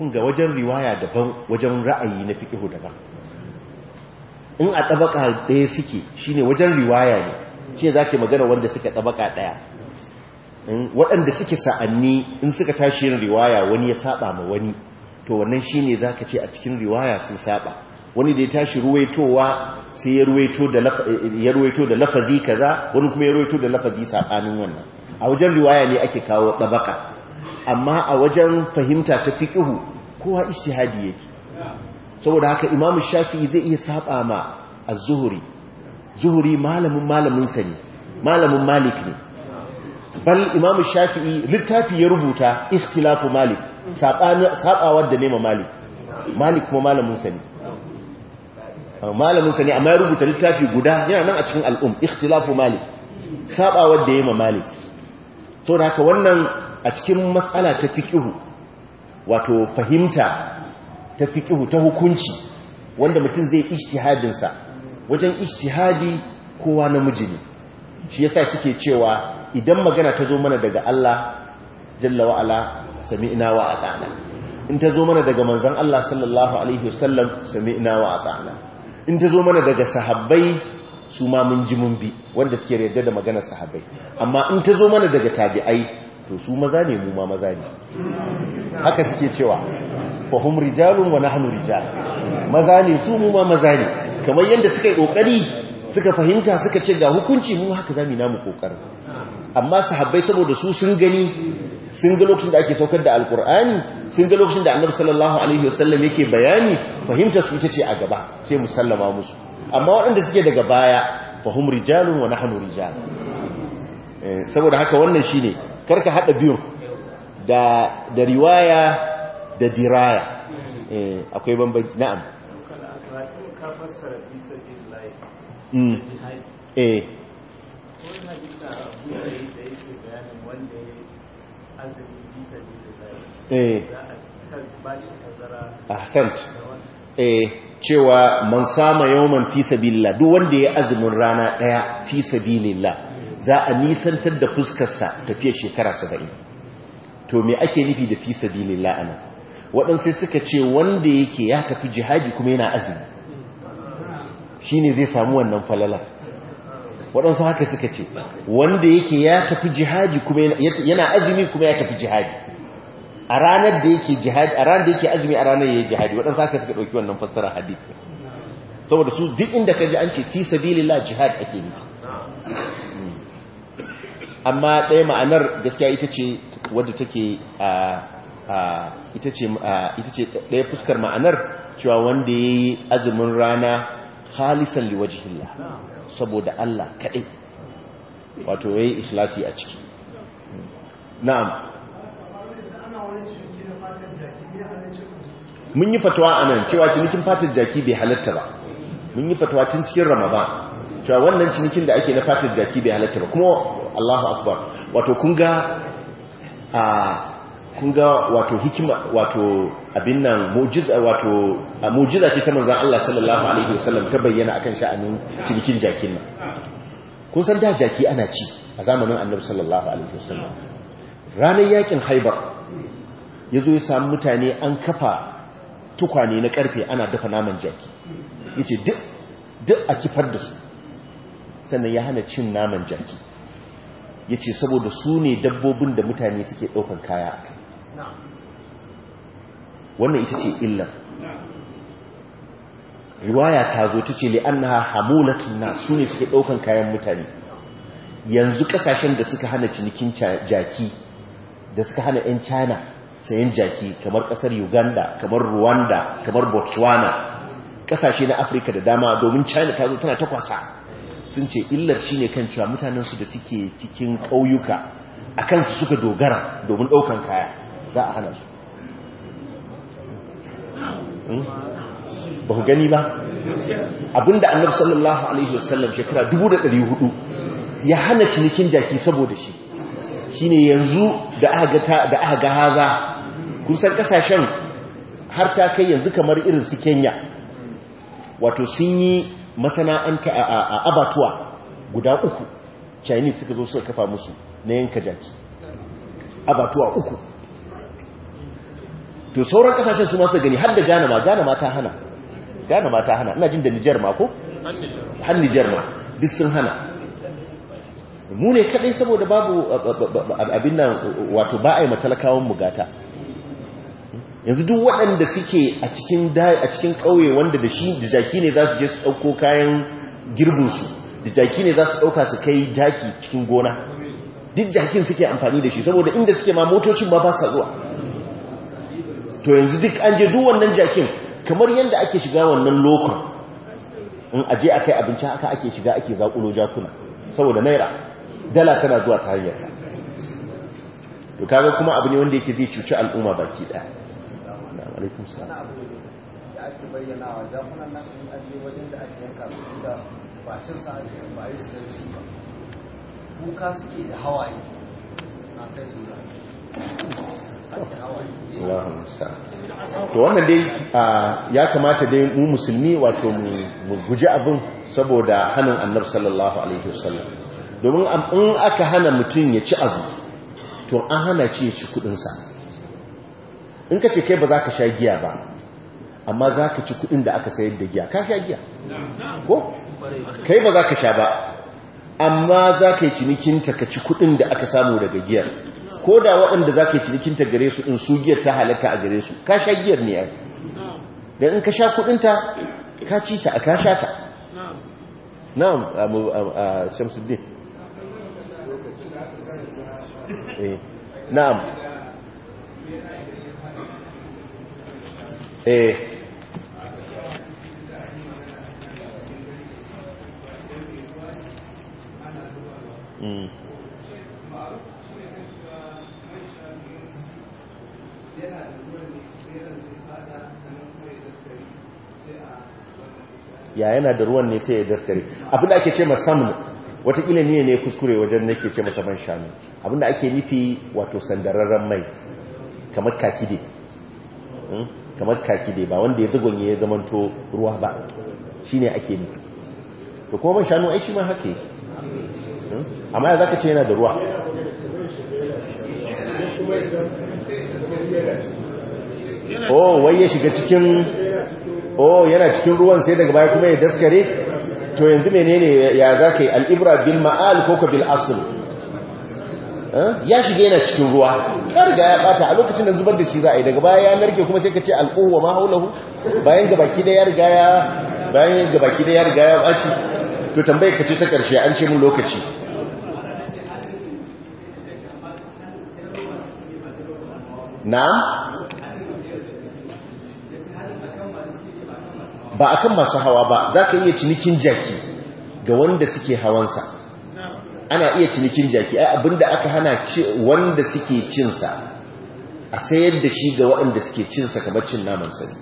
kun ga wajen riwaya daban wajen ra'ayi na fiqh daban in a tabaka ɗaya suke shine wajen riwaya ne shi ke magana wanda suka tabaka ɗaya waɗanda suke sa'anni in suka tashi yin riwaya wani ya saba ma wani to wannan shi shine zaka ce a cikin riwaya sun saba wani da ya tashi ruwaitowa sai ya ruwaito da lafazi kaza wani kuma ya ruwaito da lafazi sabanin wannan a wajen riwaya ne ake kawo tabaka amma a wajen fahimta ta fiqhu kowa ijtihadi yake saboda haka imam shafi'i zai iya saba ma az-zuhri zuhri malamin malamin sa ne malamin malik ne bal imam shafi'i littafi ya rubuta ikhtilafu malik sabawar da nema malik malik kuma malamin sa ne malamin sa ne amma ya rubuta littafi guda yana nan a cikin al'um ikhtilafu malik sabawar da yema malik Saboda da haka wannan a cikin matsala ta fikihu wato fahimta ta fikihu ta hukunci wanda mutum zai ijtihadinsa wajen ijtihadi kowa namiji ne shi yasa suke cewa idan magana ta zo mana daga Allah jalla wa ala sami'na wa ata'na in ta zo mana daga manzon Allah sallallahu alaihi wasallam sami'na wa ata'na in ta zo mana daga sahabbai su ma mun ji mun bi wanda suke yarda da maganar sahabbai amma in ta zo mana daga tabi'ai to su maza ne mu ma maza ne haka suke cewa fahum rijalun wa nahnu rijal maza ne su mu ma maza ne kamar yadda suka yi kokari suka fahimta suka ce ga hukunci mu haka zamu namu kokari amma sahabbai saboda su sun gani sun ga lokacin da ake saukar da alkur'ani sun ga lokacin da annabi sallallahu alaihi wasallam yake bayani fahimta su ita ce a gaba sai mu sallama musu amma waɗanda suke daga baya fahum rijalun wa nahnu rijal eh, saboda haka wannan shine karka hada biyun da da riwaya da diraya eh akwai bambanci na'am mm. eh. Eh. Eh, cewa man sama yawman fi sabilillah duk wanda ya azumin rana daya fi sabilillah za a nisantar da fuskarsa tafiya shekara saba'in to me ake nufi da fi sabi lalana waɗansu suka ce wanda yake ya tafi jihadi kuma yana azumi ne zai samu wannan falalar waɗansu haka suka ce wanda yake ya tafi jihadi kuma yana azumi kuma ya tafi jihadi a ranar da yake jihadi a ranar da yake azumi a ranar yayin jihadi waɗansu haka suka ɗauki wannan fassara hadith saboda su duk inda kaji an ce fi sabilillah jihad ake nufi amma ɗaya ma'anar gaskiya ita ce wadda take ita ce ɗaya fuskar ma'anar cewa wanda ya yi azumin rana halisan hila saboda Allah kaɗai wato ya yi ikhlasi a ciki na'am mun yi fatawa a nan cewa cinikin fatar jaki bai halatta ba mun yi fatawa tun cikin ramadan cewa wannan cinikin da ake na fatar jaki bai halatta ba kuma Allahu akbar wato kun ga a kun wato hikima wato abin nan mujiza wato mujiza ce ta manzon Allah sallallahu alaihi wasallam ta bayyana akan sha'anin cinikin jakin nan kun san da jaki ana ci a zamanin Annabi sallallahu alaihi wasallam ranar yakin Haibar yazo ya samu mutane an kafa tukwane na karfe ana dafa naman jaki yace duk duk a kifar da su sannan ya hana cin naman jaki ya ce saboda su ne dabbobin da mutane suke ɗaukan kaya a kai wannan ita ce illar riwaya ta zo ta ce li'annaha hamulatun na su ne suke ɗaukan kayan mutane yanzu ƙasashen da suka hana cinikin jaki da suka hana 'yan china sayan jaki kamar ƙasar uganda kamar rwanda kamar botswana ƙasashe na afirka da dama domin china ta zo tana ta kwasa sun ce illar shine kan cewa mutanensu da suke cikin ƙauyuka a kansu suka dogara domin ɗaukan kaya za a hana su hmm? ba ku gani ba abinda annabi sallallahu alaihi wasallam shekara 1400 ya hana cinikin jaki saboda shi shine yanzu da aka ga haza kusan kasashen har ta kai yanzu kamar irin su Kenya wato sun yi masana'anta a abatuwa guda uku chinese suka zo suka kafa musu na yanka jaki abatuwa uku to sauran kasashen su masu gani har da gana ma gana ma ta hana gana ma ta hana ina jin da nijar ma ko? har nijar ma duk sun hana mu ne kadai saboda babu abin nan wato ba a yi matalakawan mugata yanzu duk waɗanda suke a cikin a cikin ƙauye wanda da shi da jaki ne za su je su ɗauko kayan girbinsu da jaki ne za su ɗauka su kai jaki cikin gona duk jakin suke amfani da shi saboda inda suke ma motocin ba ba sa zuwa to yanzu duk an je duk wannan jakin kamar yadda ake shiga wannan lokon in aje a kai abinci haka ake shiga ake zaƙulo jakuna saboda naira dala tana zuwa ta hanyarsa to kaga kuma abu ne wanda yake zai cuci al'umma baki ɗaya alaikum salam da ake bayyana wa jakunan nan in aje wajen da ake yanka su da bashin sa ake ba yi su yanci ba kuka suke da hawaye na kai su da to wannan dai ya kamata dai mu musulmi wato mu guji abin saboda hannun annabi sallallahu alaihi wasallam domin in aka hana mutum ya ci abu to an hana ci ya ci kudinsa in ka ce kai ba za ka sha giya ba amma za ka ci kudin da aka sayar da giya ka sha giya ko kai ba za ka sha ba amma za ka yi cinikinta ka ci kudin da aka samu daga giyar ko da waɗanda za ka yi cinikinta gare su in su giyar ta halatta a gare su ka sha giyar ne ai da in ka sha kudinta ka ci ta a ka sha ta na'am a shamsuddin eh, na'am eh mm. ya yana da ruwan ne sai ya daskare abinda ake ce musamman watakila ne ne kuskure wajen nake ce masa ban shanu abinda ake nufi wato sandararren mai kamar kakide kamar kaki dai ba wanda ya zagonye ya zamanto ruwa ba shi ne ake ne da kuma ban shanu ai shi ma haka yake hmm? amma ya zaka ce yana da ruwa oh wai ya shiga cikin oh yana cikin ruwan sai daga baya kuma ya daskare to yanzu menene ya zaka yi al'ibra bil ma'al ko ka bil asl Eh? ya shiga yana cikin ruwa ya riga ya bata a lokacin da zubar da shi za a yi daga baya ya narke kuma sai ka ce alƙuwa ma haulahu bayan baki da ya riga ya bayan baki da ya riga ya baci to tambayar ka ce ta ƙarshe an ce mun lokaci na ba akan masu hawa ba za ka iya cinikin jaki ga wanda suke hawansa ana iya cinikin jaki ai abinda aka hana wanda suke cinsa a sayar da shi ga waɗanda suke cinsa kamar cin naman sani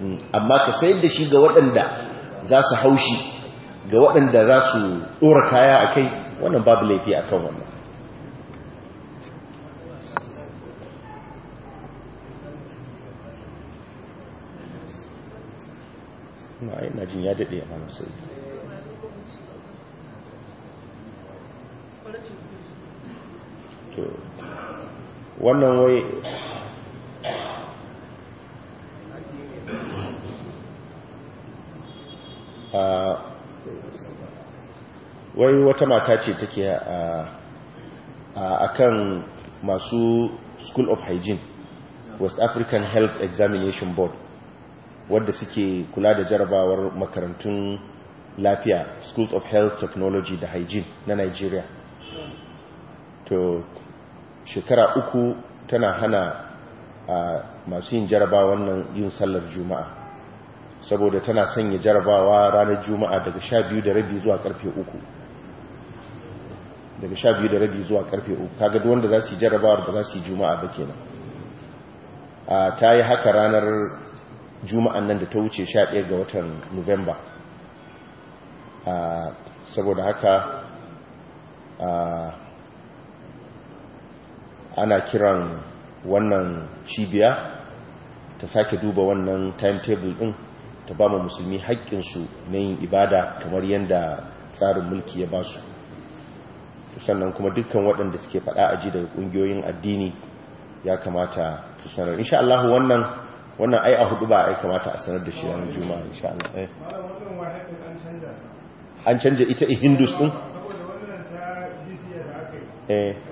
mm, amma ka sayar da shi ga waɗanda za su haushi ga waɗanda za su ɗora kaya a kai wannan babu laifi a kan wannan na jin ya daɗe a wannan wai a wai wata mata ce take a kan masu school of hygiene west african health examination board wadda suke kula da jarabawar makarantun lafiya schools of health technology da hygiene na nigeria wato shekara uku tana hana a masu yin jarabawa wannan yin sallar juma'a saboda tana sanya jarabawa ranar juma'a daga sha biyu da rabi zuwa karfe uku daga sha biyu da rabi zuwa karfe uku kaga duk wanda za su yi jarabawa da za su yi juma'a ba kenan a ta yi haka ranar juma'an nan da ta wuce sha ɗaya ga watan novemba saboda haka ana kiran wannan cibiya ta sake duba wannan timetable din ta ba mu musulmi haƙƙinsu na yin ibada kamar yadda tsarin mulki ya ba su sannan kuma dukkan waɗanda suke faɗa aji daga ƙungiyoyin addini ya kamata su sanar insha Allah wannan wannan ai a hudu ba ai kamata a sanar da shi ranar juma'a insha Allah eh. an canja ita hindus din eh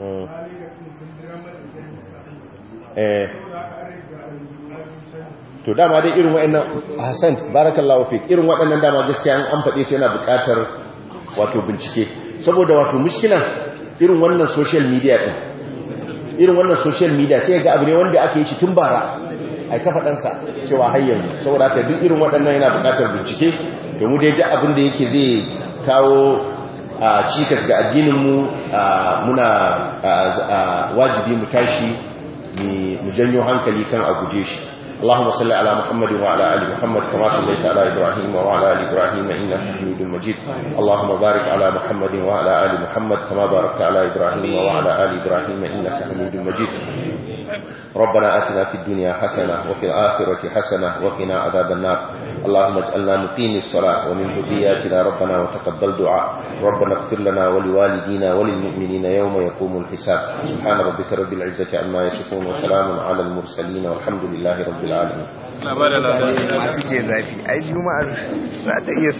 Mm. Eh. to dama dai irin wa'annan hassan barakallahu fik irin waɗannan dama gaskiya an faɗe su yana buƙatar wato bincike saboda wato mushkila irin wannan social media ɗin irin wannan social media sai ga abu ne wanda aka yi shi tun bara a ta ɗansa cewa har saboda haka duk irin waɗannan yana buƙatar bincike domin dai duk abin da yake zai kawo cika ga addininmu muna wajibi mu tashi mu janyo hankali kan a guje shi salli ala Muhammad ربنا آتنا في الدنيا حسنة وفي الآخرة حسنة وقنا عذاب النار اللهم اجعلنا مقيم الصلاة ومن ذرياتنا ربنا وتقبل دعاء ربنا اغفر لنا ولوالدينا وللمؤمنين يوم يقوم الحساب سبحان ربك رب العزة عما يصفون وسلام على المرسلين والحمد لله رب العالمين